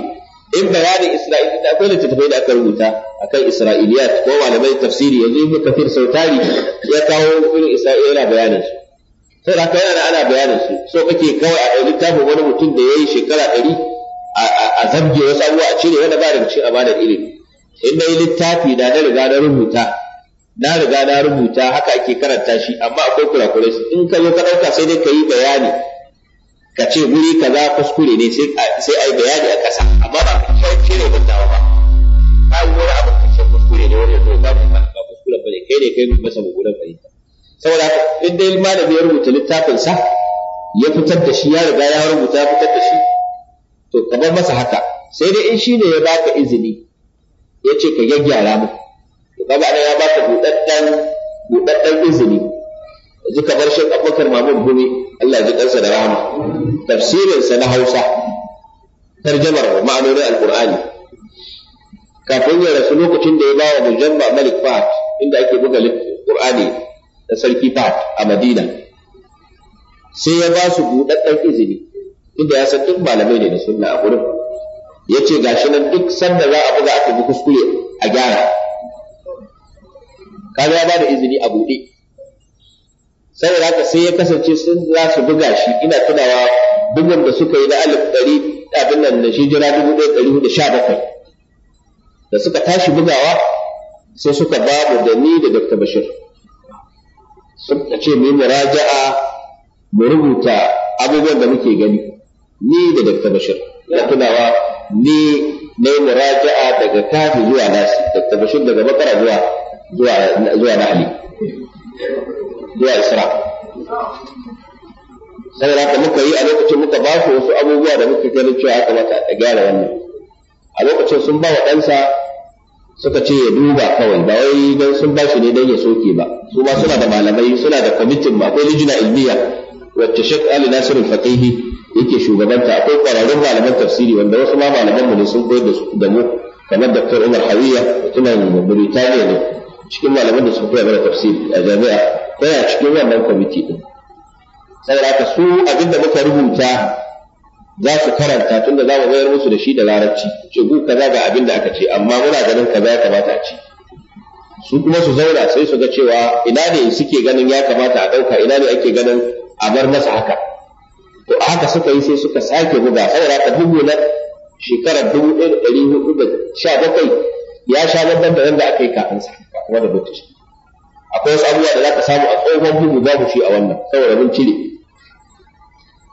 in bayanin isra'iliya da akwai littattafai da aka rubuta akan isra'iliya ko malamai tafsiri yanzu ibnu kafir sautari ya kawo irin isra'iliya bayanin su sai haka yana ana bayanin su so kake kawai a littafin wani mutum da ya yi shekara ɗari a zabge wasu abubuwa a cire wanda ba da cikin amanar ilimi in na yi littafi da na riga na rubuta na riga na rubuta haka ake karanta shi amma akwai kurakurai in ka zo ka ɗauka sai dai ka yi bayani ka ce guri za kuskure ne sai a yi bayani a ƙasa amma ba ka cire dawa ba ka yi wani abu ka ce kuskure ne wani ya zo ba ba kuskure ba ne kai ne kai masa mugunan fahimta saboda haka in dai malami ya rubuta littafinsa ya fitar da shi ya riga ya rubuta ya fitar da shi to ka masa haka sai dai in shine ya baka izini ya ce ka gyaggyara mu to kaga ana ya baka budaddan budaddan izini yanzu kamar Sheikh Abubakar mamun Gumi Allah ya ji kansa da rahama tafsirin sa na Hausa tarjamar ma'anonin Alqur'ani kafin ya rasu lokacin da ya bawa Mujamma Malik Fat, inda ake buga alqur'ani da sarki Fat a Madina sai ya ba su budaddan izini inda ya san duk malamai ne da sunna a gurin ya ce gashi nan duk sanda za a buga aka bi kuskure a gyara kaga ya ba da izini a buɗe saboda haka sai ya kasance sun za su buga shi ina tunawa bugun da suka yi na alif ɗari abin nan da shijira dubu ɗaya ɗari da sha bakwai da suka tashi bugawa sai suka babu da ni da Dr. Bashir suka ce mu muraja'a mu rubuta abubuwan da muke gani ni da Dr. Bashir ina tunawa ni na yi muraja'a daga kafi zuwa nasi Dr. Bashir daga bakara zuwa zuwa zuwa nahli zuwa isra saboda haka muka yi a lokacin muka ba su wasu abubuwa da muka ganin cewa ya kamata a gyara wannan a lokacin sun ba wa ɗansa suka ce ya duba kawai ba wai don sun ba shi ne don ya soke ba su ma suna da malamai suna da kwamitin ma akwai lijina ilmiya wacce Sheikh Ali Nasiru al yake shugabanta akwai kwararrun malaman tafsiri wanda wasu ma malaman ne sun koyar da mu kamar Dr. Umar Hawiya mutumin Burtaniya ne cikin malaman da sun koyar da tafsiri a jami'a yana cikin wannan kwamiti din saboda haka su abinda muka rubuta za su karanta tunda za mu bayar musu da shi da larabci ce ku kaza ga abinda aka ce amma muna ganin kaza ya kamata a ci su kuma su zauna sai su ga cewa ina ne suke ganin ya kamata a ɗauka ina ne ake ganin a bar masa haka to haka suka yi sai suka sake buga saboda ta dubu na shekarar dubu ɗaya da ɗari hudu da sha bakwai ya sha babban da wanda aka yi kafin sa kuma da lokaci akwai wasu abubuwa da za ka samu a tsohon bugu babu shi a wannan saboda mun cire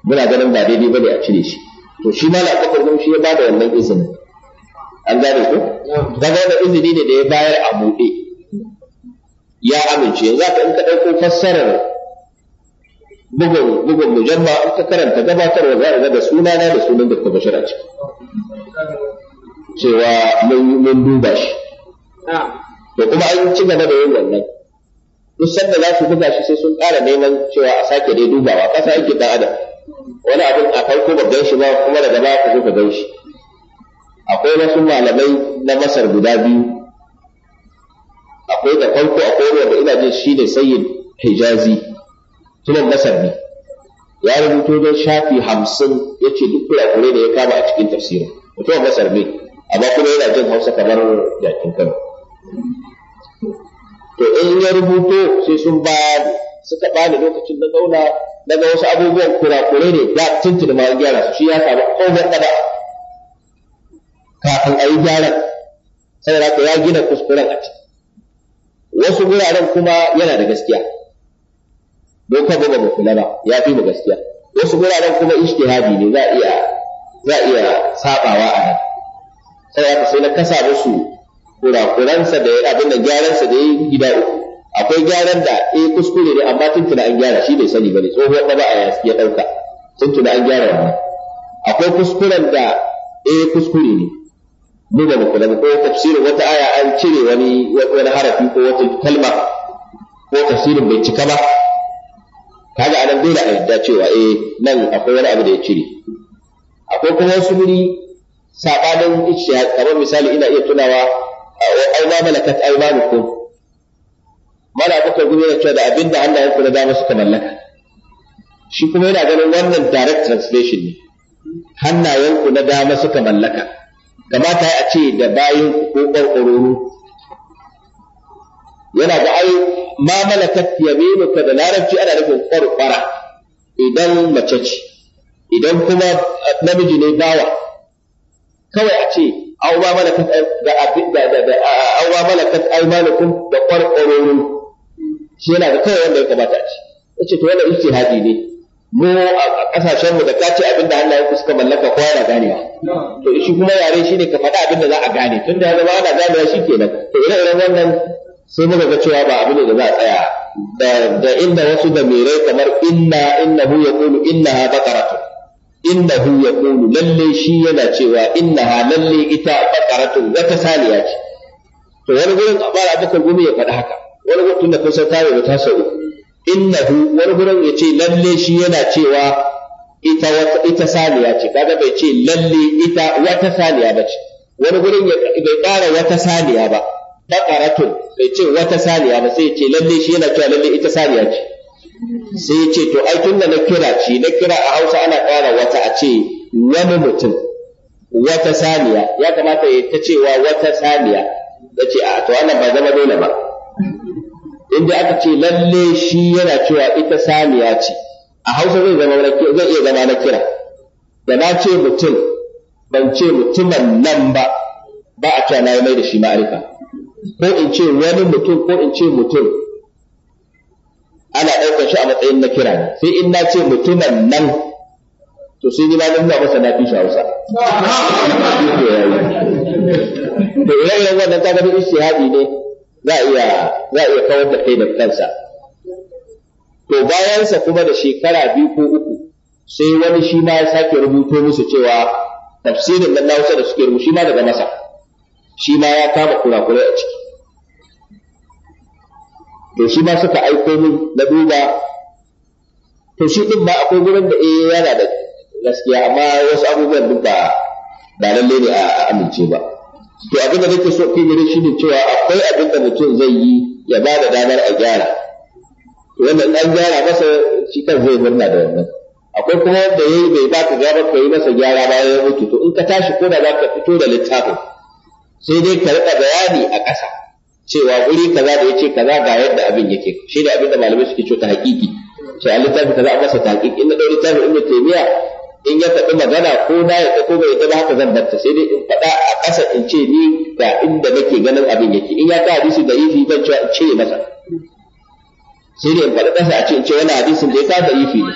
muna ganin ba daidai ne a cire shi to shi ma na kafar shi ya bada wannan izinin an gane ko daga wannan izini ne da ya bayar a buɗe ya amince yanzu ka in ka ɗauko fassarar bugun bugun mujamma an ka karanta gabatarwa za a ga sunana da sunan da bashir a ciki cewa mun duba shi da kuma an ci gaba da yin wannan duk sanda za su buga shi sai sun ƙara neman cewa a sake dai dubawa kasa yake dan wani abin a farko ba gan shi ba kuma daga baya ka zo ka gan shi akwai wasu malamai na masar guda biyu akwai da farko akwai wanda ina jin shi ne sayyid hijazi tunan masar ne ya rubuto don shafi hamsin ya ce duk kurakure da ya kama a cikin tafsirin mutumin masar ne amma kuma yana jin hausa kamar jakin kano to in ya rubuto sai sun ba suka bani lokacin na zauna daga ga wasu abubuwan kurakure ne da tuntuni ma gyara su shi ya samu komai kada kafin a yi gyaran saboda ya gina kuskuren a ciki wasu wuraren kuma yana da gaskiya doka kan ba kula ba ya fi mu gaskiya wasu guraren kuma ijtihadi ne za iya za iya sabawa a nan sai aka sai na kasa musu kurakuransa da abin da sa da yi gida uku akwai gyaran da eh kuskure ne amma tun tuna an gyara shi bai sani bane tsohuwar da ba a yasi ya dauka tun tuna an gyara wannan akwai kuskuren da eh kuskure ne mu ba mu kula ba ko tafsirin wata aya an cire wani wani harafi ko wata kalma ko tafsirin bai cika ba kaga anan dole a yadda cewa eh nan akwai wani abu da ya cire akwai kuma wasu wuri sabanin ijtihad kamar misali ina iya tunawa eh, ai ma malakat aymanukum mala kuka gudu da cewa da abinda Allah ya kula da musu ka mallaka shi kuma yana ganin wannan direct translation ne hannayenku na dama suka mallaka kamata a ce da bayan ku ko ƙwarƙwaroro yana da ai ma malakat yaminuka da larabci ana nufin kwarkwara idan mace ce idan kuma namiji ne bawa kawai a ce au ma malakat da ma malakat da kwarkwarorin shi yana da kawai wanda ya kamata a ce yace to wannan ijtihadi ne mu a kasashen mu da ka ce abinda Allah ya kuska mallaka kowa yana ganewa to shi kuma yare shi ne ka faɗa abinda za a gane tunda ya zama ana ganewa shikenan to ire-iren wannan sai muka ga cewa ba abu ne da za a tsaya da da inda wasu da mere kamar inna innahu yaqulu innaha baqaratun innahu yaqulu lalle shi yana cewa ha, lalle ita bakaratu wata saniya ce to wani gurin abara abaka gumi ya faɗi haka wani gurin da kusa ta da ta inna hu, wani gurin ya ce lalle shi yana cewa ita wata ita saniya ce kaga bai ce lalle ita wata saniya ba ce wani gurin bai ƙara wata saniya ba baqaratun bai ce wata saniya ba sai ce lalle shi yana cewa lalle ita saniya ce sai ya ce to ai da na kira ce na kira a Hausa ana ƙara wata a ce wani mutum wata saniya ya kamata ya ta cewa wata saniya ya ce a to wannan ba zama dole ba inda aka ce lalle shi yana cewa ita saniya ce a Hausa zai zama zai iya zama na kira da na ce mutum ban ce mutumin nan ba ba a cewa na yi mai da shi ma'arifa ko in ce wani mutum ko in ce mutum ana ɗaukar shi a matsayin na kira sai in na ce mutumin nan to sai ni na nuna masa na fi shi hausa to ire-iren wannan ta gani istihadi ne za a iya za a iya kawar da kai da kansa to bayansa kuma da shekara biyu ko uku sai wani shi ma ya sake rubuto musu cewa tafsirin nan na da suke rubuta shi ma daga masa shi ma ya kama kurakurai a ciki to shi ma suka aiko min na duba to shi din ba akwai gurin da eh yana da gaskiya amma wasu abubuwan duk ba ba lalle ne a amince ba to abin da nake so kin gare shi ne cewa akwai abin da mutum zai yi ya ba da damar a gyara wannan an gyara masa shi kan zai murna da wannan akwai kuma wanda yayi bai ba ka gaba yi masa gyara bayan ya mutu to in ka tashi ko da za ka fito da littafin sai dai ka riƙa bayani a ƙasa cewa guri kaza da yace kaza ga yadda abin yake shi da abin da malamai suke cewa hakiki. haƙiƙi to a littafi kaza a masa ta hakiki. in na ɗau littafi ibnu taymiya in ya faɗi magana ko da ya ko bai da haka zan barta sai dai in faɗa a ƙasa in ce ni ga inda nake ganin abin yake in ya ka hadisi da yifi zan cewa ce masa sai dai in faɗi ƙasa a ce in ce wani hadisin da ya ka da yifi ne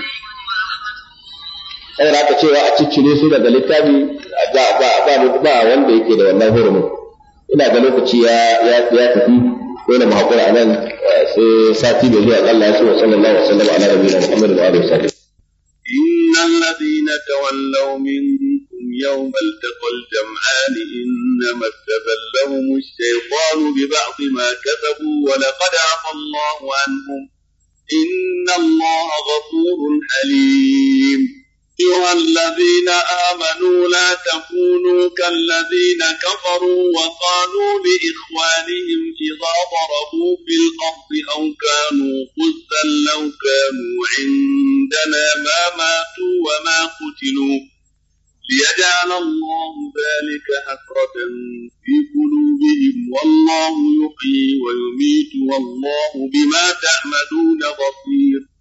saboda haka cewa a ciccire su daga littafi ba wanda yake da wannan hurumin ina ga lokaci ya ya tafi dole mu hakura a nan sai sati da zuwa Allah ya so sallallahu alaihi wasallam ala nabiyina Muhammad wa alihi wasallam innal ladina tawallaw minkum يوم التقى الجمعان إنما استبلهم الشيطان ببعض ما كسبوا ولقد عفى الله عنهم إن الله غفور حليم أيها الذين آمنوا لا تكونوا كالذين كفروا وقالوا لإخوانهم إذا ضربوا في الأرض أو كانوا قزا لو كانوا عندنا ما ماتوا وما قتلوا ليجعل الله ذلك حسرة في قلوبهم والله يحيي ويميت والله بما تعملون بصير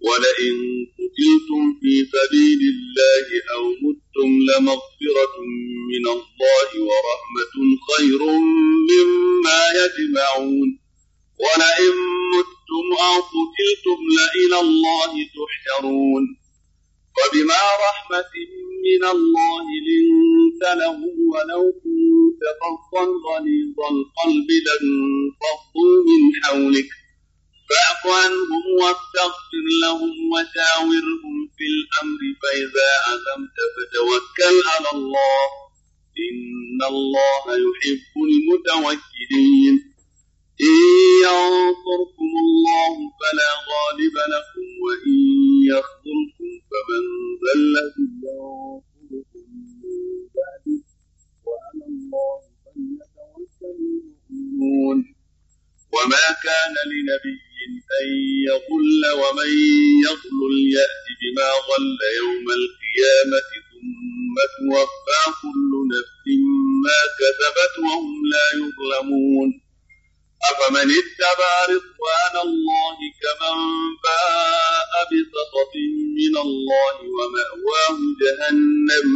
ولئن قتلتم في سبيل الله أو متم لمغفرة من الله ورحمة خير مما يجمعون ولئن متم أو قتلتم لإلى الله تحشرون فبما رحمة من الله لنت له ولو كنت فظا غليظ القلب لانفضوا من حولك فاعف عنهم واستغفر لهم وشاورهم في الأمر فإذا عزمت فتوكل على الله إن الله يحب المتوكلين إن ينصركم الله فلا غالب لكم وإن يخذلكم فمن ذا الذي ينصركم من بعده وعلى الله فليتوكل المؤمنون وما كان لنبي أن يضل ومن يضلل يأت بما ضل يوم القيامة ثم توفى كل نفس ما كسبت وهم لا يظلمون أفمن اتبع رضوان الله كمن باء بسخط من الله ومأواه جهنم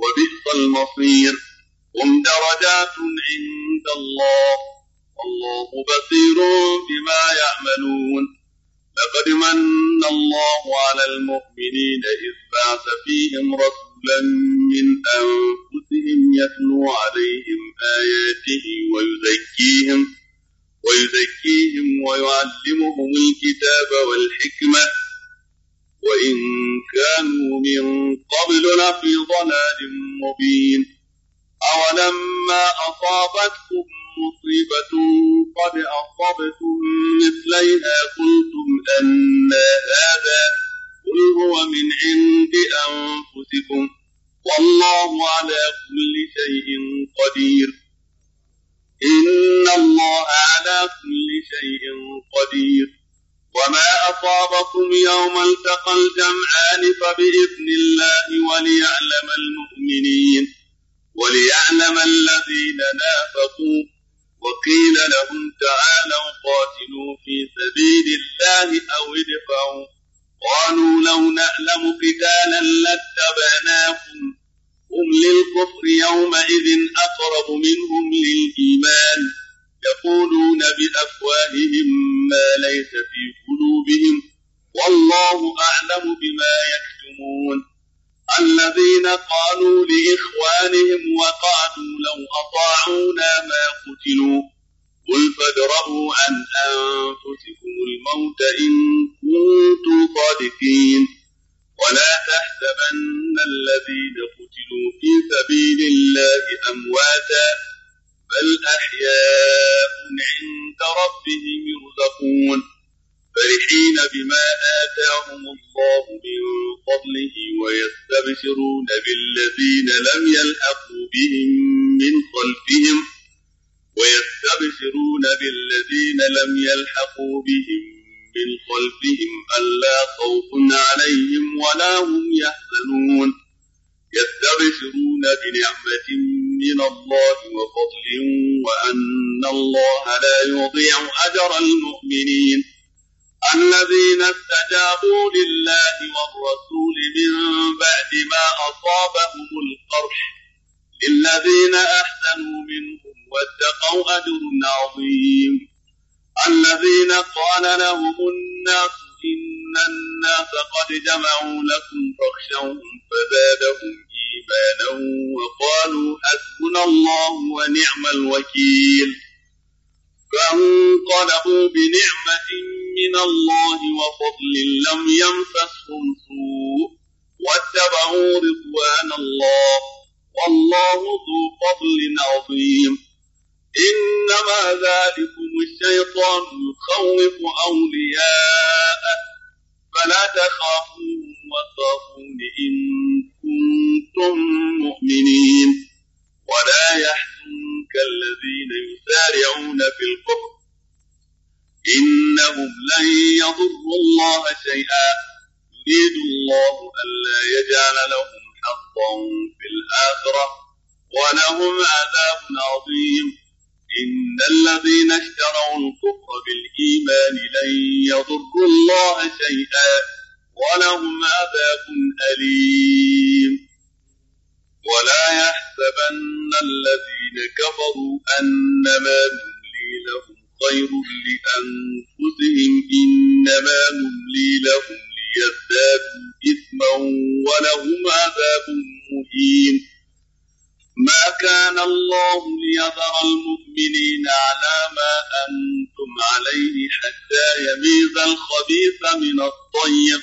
وبئس المصير هم درجات عند الله والله بصير بما يعملون لقد من الله على المؤمنين إذ بعث فيهم رسولا من أنفسهم يتلو عليهم آياته ويزكيهم ويزكيهم ويعلمهم الكتاب والحكمة وإن كانوا من قبل لفي ضلال مبين أولما أصابتكم مصيبة قد أصبتم مثليها قلتم أن هذا قل هو من عند أنفسكم والله على كل شيء قدير إن الله على كل شيء قدير وما أصابكم يوم التقى الجمعان فبإذن الله وليعلم المؤمنين وليعلم الذين نافقوا وقيل لهم تعالوا قاتلوا في سبيل الله أو ادفعوا قالوا لو نعلم قتالا لاتبعناكم هم للكفر يومئذ أقرب منهم للإيمان يقولون بأفواههم ما ليس في قلوبهم والله أعلم بما يكتمون الذين قالوا لإخوانهم وقعدوا لو أطاعونا ما قتلوا قل فادرؤوا عن أنفسكم الموت إن كنتم صادقين ولا تحسبن الذين قتلوا في سبيل الله أمواتا بل أحياء عند ربهم يرزقون فرحين بما آتاهم الله من فضله ويستبشرون بالذين لم يلحقوا بهم من خلفهم ويستبشرون بالذين لم يلحقوا بهم من خلفهم ألا خوف عليهم ولا هم يحزنون يستبشرون بنعمة من الله وفضل وأن الله لا يضيع أجر المؤمنين الذين استجابوا لله والرسول من بعد ما أصابهم القرح للذين أحسنوا منهم واتقوا أجر عظيم الذين قال لهم الناس إن الناس قد جمعوا لكم فاخشوهم فزادهم إيمانا وقالوا حسبنا الله ونعم الوكيل فانقلبوا بنعمة من الله وفضل لم ينفسهم سوء واتبعوا رضوان الله والله ذو فضل عظيم إنما ذلكم الشيطان يخوف أولياءه فلا تخافوهم وخافون إن كنتم مؤمنين ولا يحزنون كالذين يسارعون في الكفر إنهم لن يضروا الله شيئا يريد الله ألا يجعل لهم حظا في الآخرة ولهم عذاب عظيم إن الذين اشتروا الكفر بالإيمان لن يضروا الله شيئا ولهم عذاب أليم ولا يحسبن الذين كفروا أنما نملي لهم خير لأنفسهم إنما نملي لهم ليزدادوا إثما ولهم عذاب مهين ما كان الله ليذر المؤمنين على ما أنتم عليه حتى يميز الخبيث من الطيب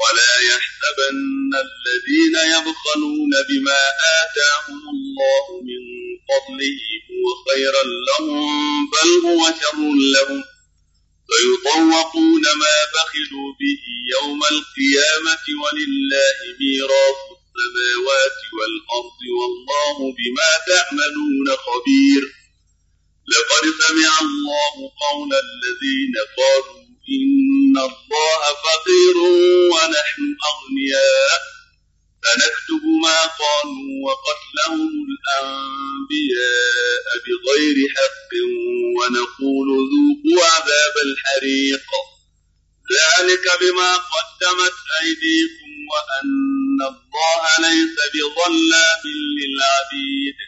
ولا يحسبن الذين يبخلون بما آتاهم الله من فضله هو خيرا لهم بل هو شر لهم فيطوقون ما بخلوا به يوم القيامة ولله ميراث السماوات والأرض والله بما تعملون خبير لقد سمع الله قول الذين قالوا إن الله فقير ونحن أغنياء فنكتب ما قالوا وقتلهم الأنبياء بغير حق ونقول ذوقوا عذاب الحريق ذلك بما قدمت أيديكم وأن الله ليس بظلام للعبيد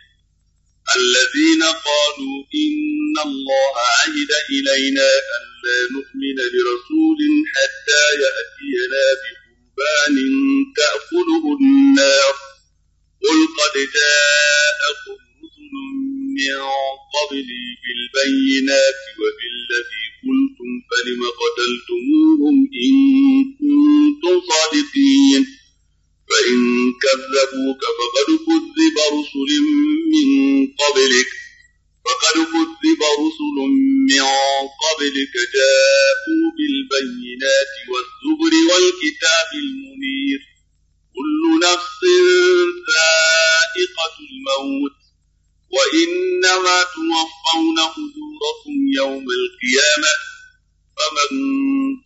الذين قالوا إن الله عهد إلينا ألا نؤمن لرسول حتى يأتينا بقربان تأكله النار قل قد جاءكم رسل من قبلي بالبينات وبالذي قلتم فلم قتلتموهم إن كنتم صادقين فإن كذبوك فقد كذب رسل من قبلك فقد كذب رسل من قبلك جاءوا بالبينات والزبر والكتاب المنير كل نفس ذائقة الموت وإنما توفون أجوركم يوم القيامة فمن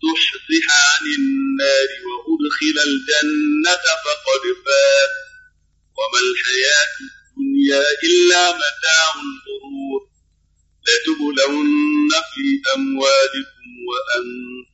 تحزح عن النار وأدخل الجنة فقد فات وما الحياة الدنيا إلا متاع الغرور لتبلون في أموالكم وأنتم